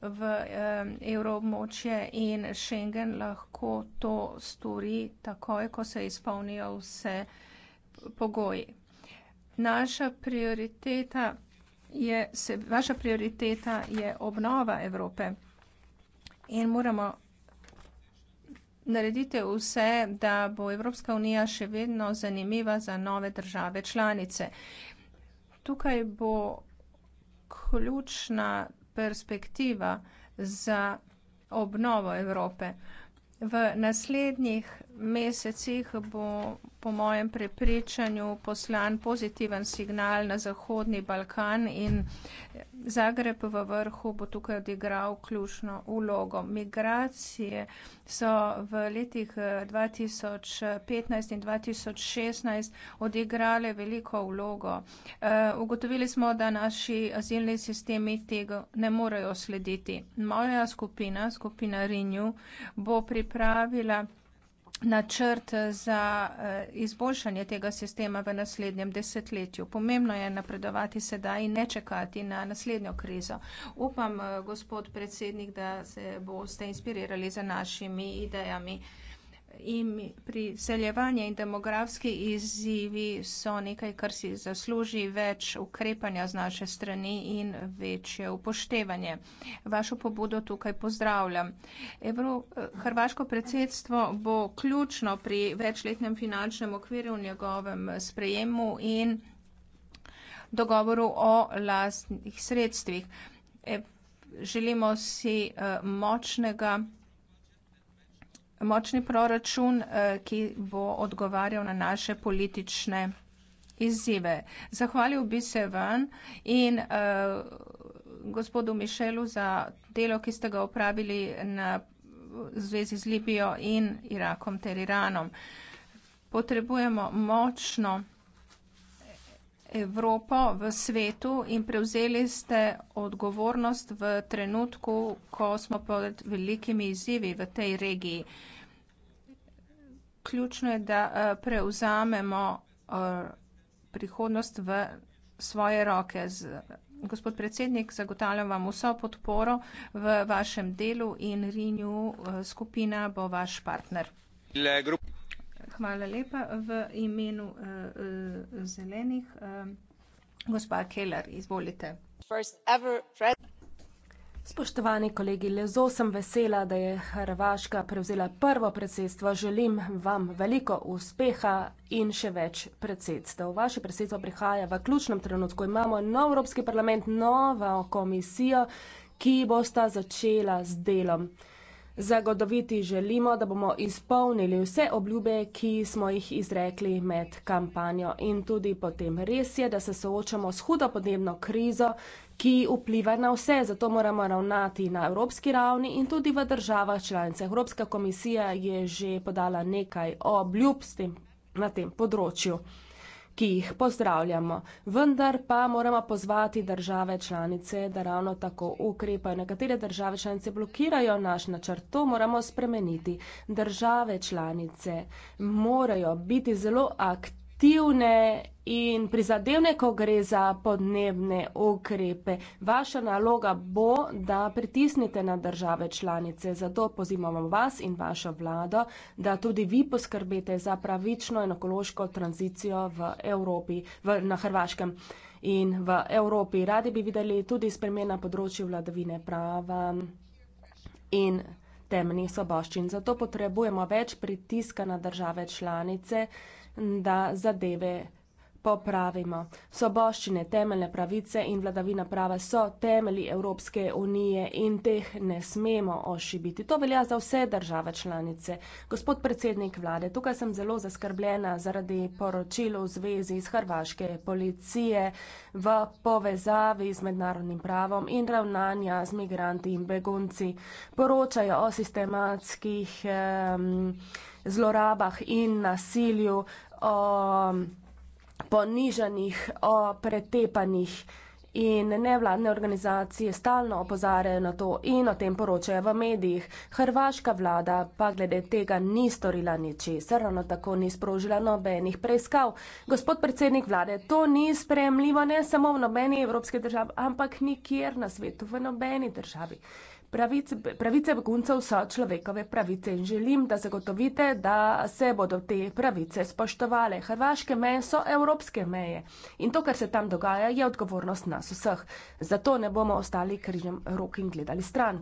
v eh, evroobmočje in šengen, lahko to stori takoj, ko se izpolnijo vse pogoji. Naša prioriteta je se, vaša prioriteta je obnova Evrope in moramo narediti vse, da bo Evropska unija še vedno zanimiva za nove države članice. Tukaj bo ključna perspektiva za obnovo Evrope. V naslednjih mesecih bo po mojem prepričanju poslan pozitiven signal na Zahodni Balkan in Zagreb v vrhu bo tukaj odigral ključno ulogo. Migracije so v letih 2015 in 2016 odigrale veliko ulogo. Eh, ugotovili smo, da naši azilni sistemi tega ne morejo slediti. Moja skupina, skupina Rinju, bo pripravila načrt za eh, izboljšanje tega sistema v naslednjem desetletju. Pomembno je napredovati sedaj in ne čekati na naslednjo krizo. Upam, eh, gospod predsednik, da se boste inspirirali za našimi idejami priseljevanje in demografski izzivi so nekaj, kar si zasluži več ukrepanja z naše strani in večje upoštevanje. Vašo pobudo tukaj pozdravljam. Evro, Hrvaško predsedstvo bo ključno pri večletnem finančnem okviru v njegovem sprejemu in dogovoru o lastnih sredstvih. Želimo si eh, močnega močni proračun, eh, ki bo odgovarjal na naše politične izzive. Zahvalil bi se vam in eh, gospodu Mišelu za delo, ki ste ga upravili na zvezi z Libijo in Irakom ter Iranom. Potrebujemo močno proračun. Evropo v svetu in prevzeli ste odgovornost v trenutku, ko smo pod velikimi izzivi v tej regiji. Ključno je, da eh, prevzamemo eh, prihodnost v svoje roke. Gospod predsednik, zagotavljam vam vso podporo v vašem delu in Renew eh, skupina bo vaš partner. Le, Hvala lepa. V imenu uh, uh, zelenih, uh, gospa Keller, izvolite. Spoštovani kolegi, le zo sem vesela, da je Hrvaška prevzela prvo predsedstvo. Želim vam veliko uspeha in še več predsedstv. Vaše predsedstvo prihaja v ključnem trenutku. Imamo nov Evropski parlament, novo komisijo, ki bosta začela z delom. Zagotoviti želimo, da bomo izpolnili vse obljube, ki smo jih izrekli med kampanjo in tudi potem res je, da se soočamo s hudo podnebno krizo, ki vpliva na vse, zato moramo ravnati na evropski ravni in tudi v državah članice. Evropska komisija je že podala nekaj obljub tem, na tem področju ki jih pozdravljamo. Vendar pa moramo pozvati države članice, da ravno tako ukrepajo. Nekatere države članice blokirajo naš načrt, to moramo spremeniti. Države članice morajo biti zelo aktivne aktivne in prizadevne, ko gre za podnebne ukrepe. Vaša naloga bo, da pritisnete na države članice. Zato pozivamo vas in vašo vlado, da tudi vi poskrbete za pravično in ekološko tranzicijo v Evropi, v, na Hrvaškem in v Evropi. Radi bi videli tudi spremen na področju vladavine prava in temnih soboščin. Zato potrebujemo več pritiska na države članice da zadeve popravimo. Soboščine, temeljne pravice in vladavina prava so temeli Evropske unije in teh ne smemo ošibiti. To velja za vse države članice. Gospod predsednik vlade, tukaj sem zelo zaskrbljena zaradi poročil v zvezi z hrvaške policije v povezavi z mednarodnim pravom in ravnanja z migranti in begunci. Poročajo o sistematskih eh, zlorabah in nasilju. Eh, ponižanih, o pretepanih in nevladne organizacije stalno opozarjajo na to in o tem poročajo v medijih. Hrvaška vlada pa glede tega ni storila ničesar, ravno tako ni sprožila nobenih preiskav. Gospod predsednik vlade, to ni sprejemljivo ne samo v nobeni evropski državi, ampak nikjer na svetu, v nobeni državi. Pravice, pravice beguncev so človekove pravice in želim, da zagotovite, da se bodo te pravice spoštovale. Hrvaške meje so evropske meje in to, kar se tam dogaja, je odgovornost nas vseh. Zato ne bomo ostali križem rok in gledali stran.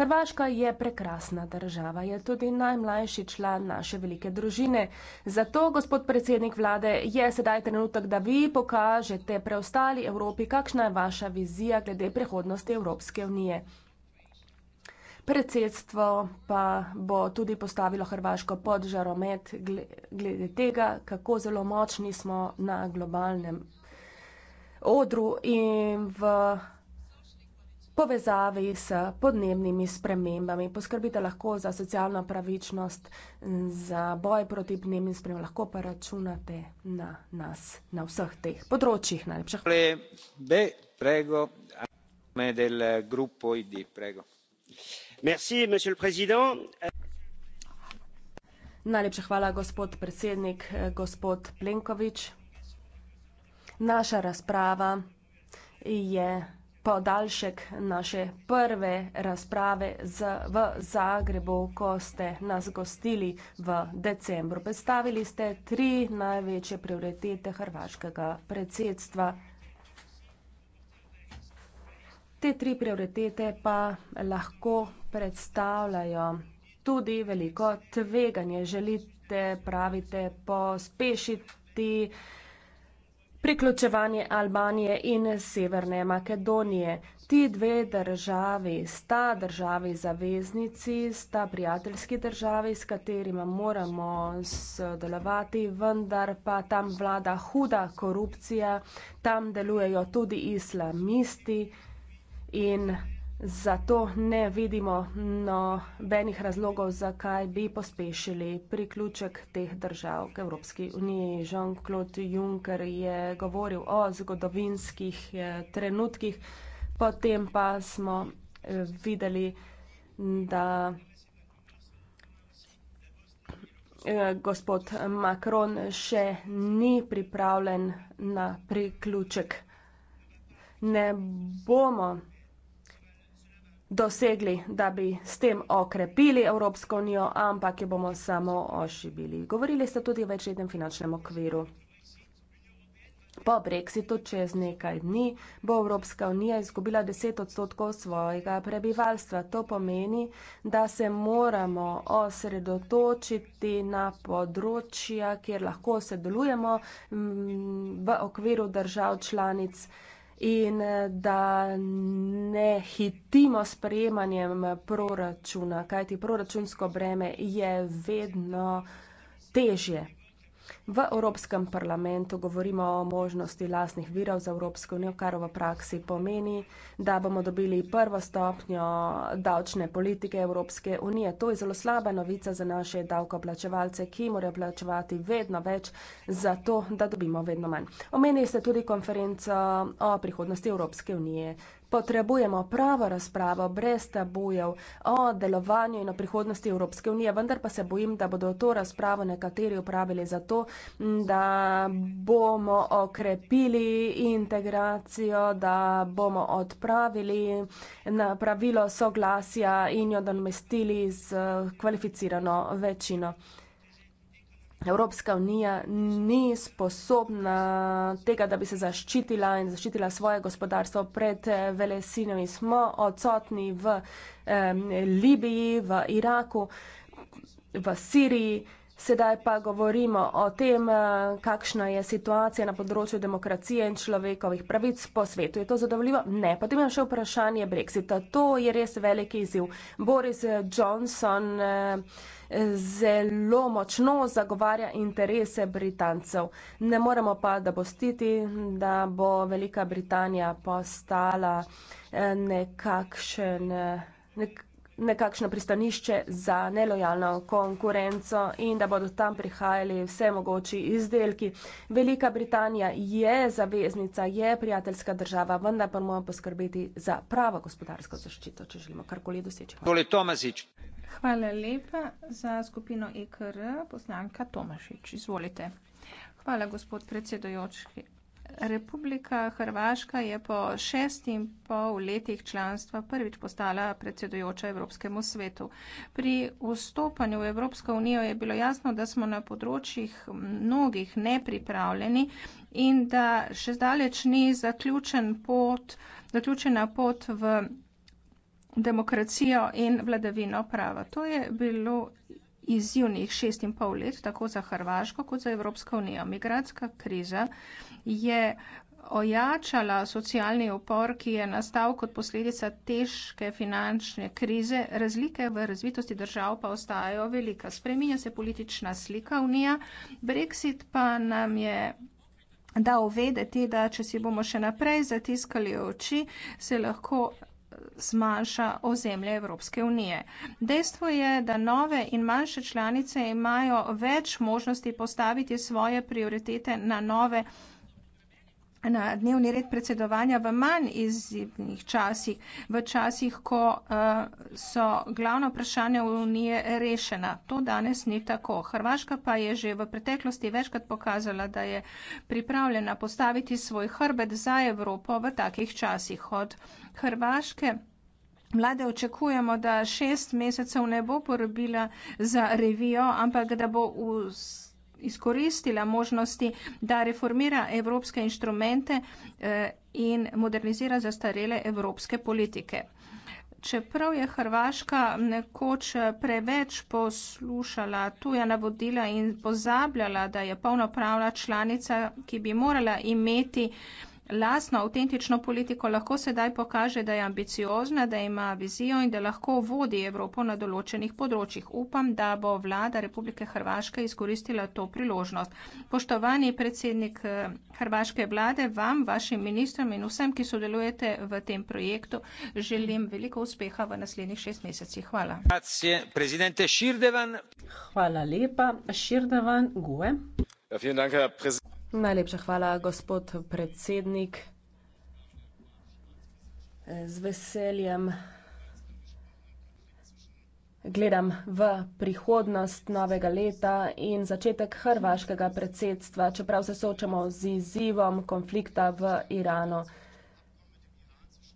Hrvaška je prekrasna država, je tudi najmlajši član naše velike družine. Zato, gospod predsednik vlade, je sedaj trenutek, da vi pokažete preostali Evropi, kakšna je vaša vizija glede prihodnosti Evropske unije predsedstvo pa bo tudi postavilo Hrvaško pod žaromet glede tega, kako zelo močni smo na globalnem odru in v povezavi s podnebnimi spremembami. Poskrbite lahko za socialno pravičnost, za boj proti podnebnim spremembam, lahko pa računate na nas, na vseh teh področjih. Najlepša hvala monsieur le président najlepša hvala gospod predsednik gospod plenković naša razprava je podaljšek naše prve razprave z v zagrebu ko ste nas gostili v decembru predstavili ste tri največje prioritete hrvaškega predsedstva Te tri prioritete pa lahko predstavljajo tudi veliko tveganje. Želite, pravite, pospešiti priključevanje Albanije in Severne Makedonije. Ti dve državi sta državi zaveznici, sta prijateljski državi, s katerima moramo sodelovati, vendar pa tam vlada huda korupcija, tam delujejo tudi islamisti in zato ne vidimo nobenih razlogov, zakaj bi pospešili priključek teh držav k Evropski uniji. Jean-Claude Juncker je govoril o zgodovinskih eh, trenutkih, potem pa smo eh, videli, da eh, gospod Macron še ni pripravljen na priključek. Ne bomo dosegli, da bi s tem okrepili Evropsko unijo, ampak jo bomo samo ošibili. Govorili ste tudi o večletnem finančnem okviru. Po Brexitu čez nekaj dni bo Evropska unija izgubila 10 odstotkov svojega prebivalstva. To pomeni, da se moramo osredotočiti na področja, kjer lahko sedelujemo v okviru držav članic in eh, da ne hitimo s prejemanjem proračuna, kajti proračunsko breme je vedno težje. V Evropskem parlamentu govorimo o možnosti lastnih virov za Evropsko unijo, kar v praksi pomeni, da bomo dobili prvo stopnjo davčne politike Evropske unije. To je zelo slaba novica za naše davkoplačevalce, ki morajo plačevati vedno več za to, da dobimo vedno manj. Omenili ste tudi konferenco o prihodnosti Evropske unije. Potrebujemo pravo razpravo brez tabujev o delovanju in o prihodnosti Evropske unije, vendar pa se bojim, da bodo to razpravo nekateri upravili za to, da bomo okrepili integracijo, da bomo odpravili pravilo soglasja in jo domestili z kvalificirano večino. Evropska unija ni sposobna tega, da bi se zaščitila in zaščitila svoje gospodarstvo pred velesinami. Smo odsotni v eh, Libiji, v Iraku, v Siriji. Sedaj pa govorimo o tem, eh, kakšna je situacija na področju demokracije in človekovih pravic po svetu. Je to zadovoljivo? Ne. Potem imam še vprašanje Brexita. To je res veliki izziv. Boris Johnson eh, zelo močno zagovarja interese Britancev. Ne moremo pa dopustiti, da bo Velika Britanija postala eh, nekakšen. Nek nekakšno pristanišče za nelojalno konkurenco in da bodo tam prihajali vse mogoči izdelki. Velika Britanija je zaveznica, je prijateljska država, vendar pa moramo poskrbeti za pravo gospodarsko zaščito, če želimo karkoli doseči. Hvala. Hvala lepa za skupino EKR, poslanka Tomašič. Izvolite. Hvala, gospod predsedojoč. Republika Hrvaška je po šestih in pol letih članstva prvič postala predsedujoča Evropskemu svetu. Pri vstopanju v Evropsko unijo je bilo jasno, da smo na področjih mnogih nepripravljeni in da še zdaleč ni zaključen pot, zaključena pot v demokracijo in vladavino prava. To je bilo izzivnih šest in pol let, tako za Hrvaško kot za Evropsko unijo. Migracka kriza je ojačala socialni upor, ki je nastal kot posledica težke finančne krize. Razlike v razvitosti držav pa ostajajo velika. Spreminja se politična slika unija. Brexit pa nam je dal vedeti, da če si bomo še naprej zatiskali oči, se lahko zmanjša ozemlje Evropske unije. Dejstvo je, da nove in manjše članice imajo več možnosti postaviti svoje prioritete na nove na dnevni red predsedovanja v manj izzivnih časih, v časih, ko uh, so glavna vprašanja Unije rešena. To danes ni tako. Hrvaška pa je že v preteklosti večkrat pokazala, da je pripravljena postaviti svoj hrbet za Evropo v takih časih od Hrvaške. Mlade očekujemo, da šest mesecev ne bo porobila za revijo, ampak da bo vse izkoristila možnosti, da reformira evropske inštrumente eh, in modernizira zastarele evropske politike. Čeprav je Hrvaška nekoč preveč poslušala tuja navodila in pozabljala, da je polnopravna članica, ki bi morala imeti lastno avtentično politiko lahko sedaj pokaže, da je ambiciozna, da ima vizijo in da lahko vodi Evropo na določenih področjih. Upam, da bo vlada Republike Hrvaške izkoristila to priložnost. Poštovani predsednik eh, Hrvaške vlade, vam, vašim ministrom in vsem, ki sodelujete v tem projektu, želim veliko uspeha v naslednjih šest mesecih. Hvala. Hvala lepa. Širdevan Gue. Ja, Najlepša hvala, gospod predsednik. Z veseljem gledam v prihodnost novega leta in začetek hrvaškega predsedstva, čeprav se soočamo z izzivom konflikta v Iranu.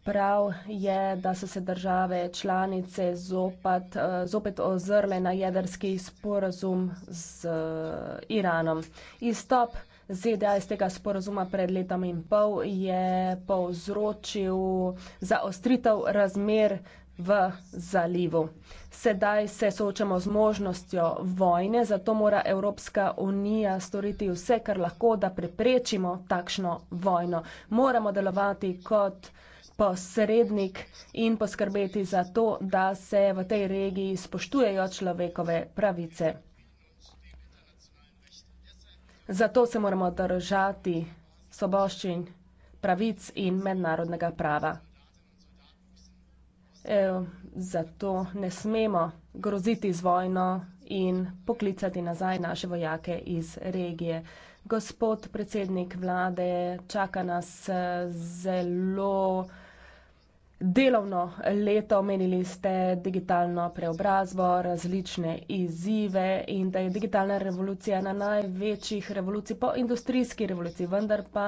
Prav je, da so se države članice zopet, zopet ozrle na jedrski sporazum z Iranom. Izstop ZDA iz tega sporozuma pred letom in pol je povzročil zaostritev razmer v zalivu. Sedaj se soočamo z možnostjo vojne, zato mora Evropska unija storiti vse, kar lahko, da preprečimo takšno vojno. Moramo delovati kot posrednik in poskrbeti za to, da se v tej regiji spoštujejo človekove pravice. Zato se moramo držati soboščin, pravic in mednarodnega prava. E, zato ne smemo groziti z vojno in poklicati nazaj naše vojake iz regije. Gospod predsednik vlade, čaka nas eh, zelo delovno leto, omenili ste digitalno preobrazbo, različne izzive in da je digitalna revolucija ena največjih revolucij po industrijski revoluciji, vendar pa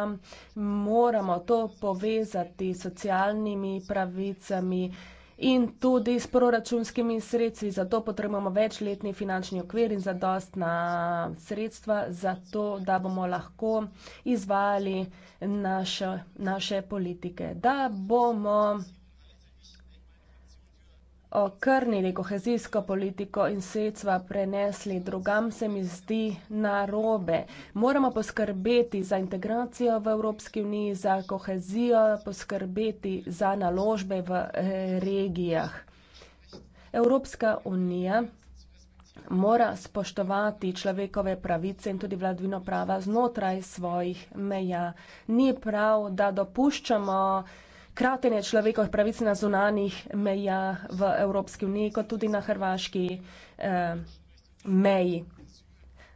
moramo to povezati s socialnimi pravicami. In tudi s proračunskimi sredstvi, zato potrebujemo večletni finančni okvir in zadostna sredstva, zato da bomo lahko izvajali naše, naše politike, da bomo okrnili kohezijsko politiko in sredstva prenesli drugam, se mi zdi narobe. Moramo poskrbeti za integracijo v Evropski uniji, za kohezijo, poskrbeti za naložbe v eh, regijah. Evropska unija mora spoštovati človekove pravice in tudi vladvino prava znotraj svojih meja. Ni prav, da dopuščamo kratenje človekovih pravic na zunanjih mejah v Evropski uniji, kot tudi na hrvaški eh, meji.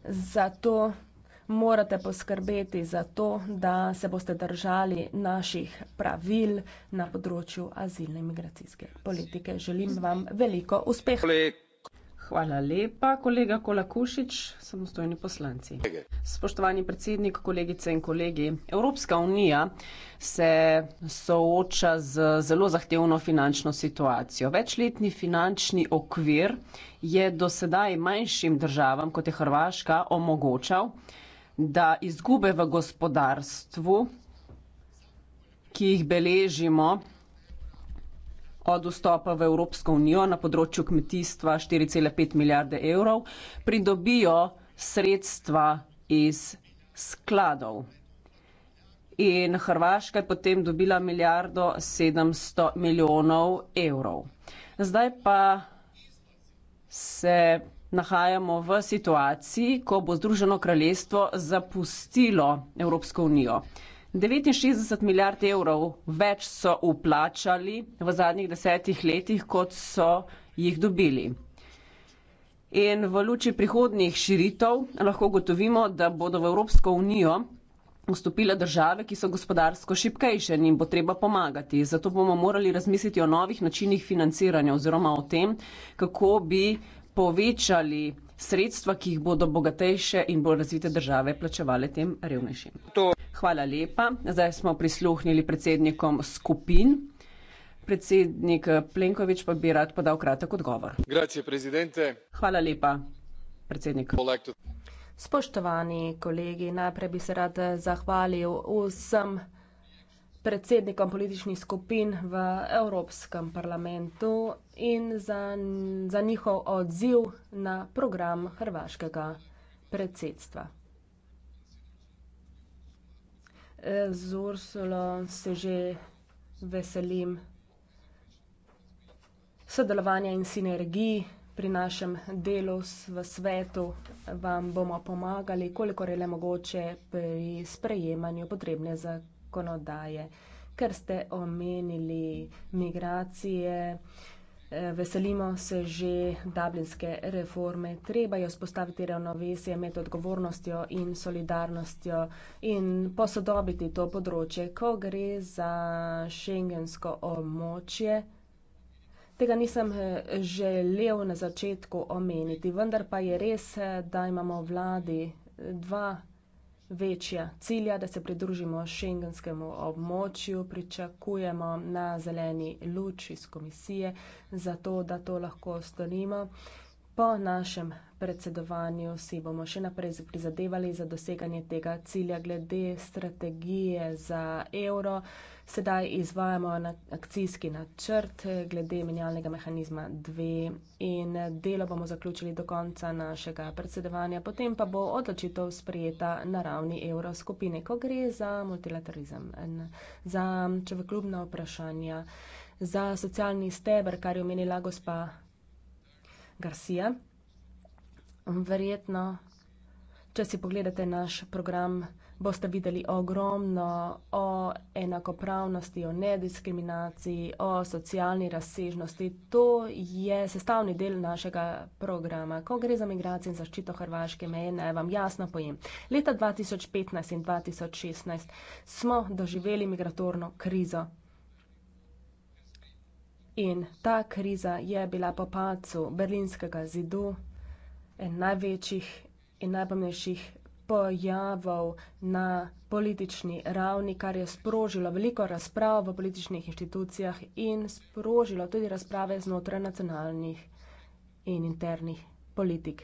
Zato morate poskrbeti za to, da se boste držali naših pravil na področju azilne in migracijske politike. Želim vam veliko uspeha. Hvala lepa, kolega Kolakušič, samostojni poslanci. Spoštovani predsednik, kolegice in kolegi. Evropska unija se sooča z zelo zahtevno finančno situacijo. Večletni finančni okvir je do sedaj manjšim državam, kot je Hrvaška, omogočal, da izgube v gospodarstvu, ki jih beležimo, od vstopa v Evropsko unijo na področju kmetijstva 4,5 milijarde evrov, pridobijo sredstva iz skladov. In Hrvaška je potem dobila milijardo 700 milijonov evrov. Zdaj pa se nahajamo v situaciji, ko bo Združeno kraljestvo zapustilo Evropsko unijo. 69 milijard evrov več so uplačali v zadnjih desetih letih, kot so jih dobili. In v luči prihodnih širitev lahko gotovimo, da bodo v Evropsko unijo vstopile države, ki so gospodarsko šipkejše in jim bo treba pomagati. Zato bomo morali razmisliti o novih načinih financiranja oziroma o tem, kako bi povečali sredstva, ki jih bodo bogatejše in bolj razvite države plačevale tem revnejšim. Hvala lepa. Zdaj smo prisluhnili predsednikom skupin. Predsednik Plenković pa bi rad podal kratek odgovor. Hvala lepa, predsednik. Spoštovani kolegi, najprej bi se rad zahvalil vsem predsednikom političnih skupin v Evropskem parlamentu in za, za njihov odziv na program hrvaškega predsedstva. z Ursulo se že veselim sodelovanja in sinergij pri našem delu v svetu. Vam bomo pomagali, kolikor je le mogoče, pri sprejemanju potrebne zakonodaje, ker ste omenili migracije. Veselimo se že dublinske reforme. Treba je spostaviti ravnovesje med odgovornostjo in solidarnostjo in posodobiti to področje, ko gre za šengensko območje. Tega nisem želel na začetku omeniti, vendar pa je res, da imamo vladi dva večja cilja, da se pridružimo šengenskemu območju, pričakujemo na zeleni luč iz komisije, zato da to lahko storimo. Po našem predsedovanju si bomo še naprej prizadevali za doseganje tega cilja glede strategije za evro. Sedaj izvajamo akcijski načrt glede menjalnega mehanizma 2 in delo bomo zaključili do konca našega predsedovanja, potem pa bo odločitev sprejeta na ravni evroskupine, ko gre za multilateralizem, za človekljubna vprašanja, za socialni steber, kar je omenila gospa Garcia. Verjetno, če si pogledate naš program, boste videli ogromno o enakopravnosti, o nediskriminaciji, o socialni razsežnosti. To je sestavni del našega programa. Ko gre za migracijo in zaščito hrvaške meje, naj vam jasno pojem. Leta 2015 in 2016 smo doživeli migratorno krizo. In ta kriza je bila po padcu berlinskega zidu en največjih in najpomembnejših pojavov na politični ravni, kar je sprožilo veliko razprav v političnih inštitucijah in sprožilo tudi razprave znotraj nacionalnih in internih politik.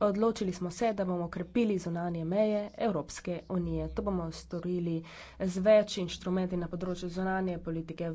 Odločili smo se, da bomo krepili zunanje meje Evropske unije. To bomo storili z več inštrumenti na področju zunanje politike.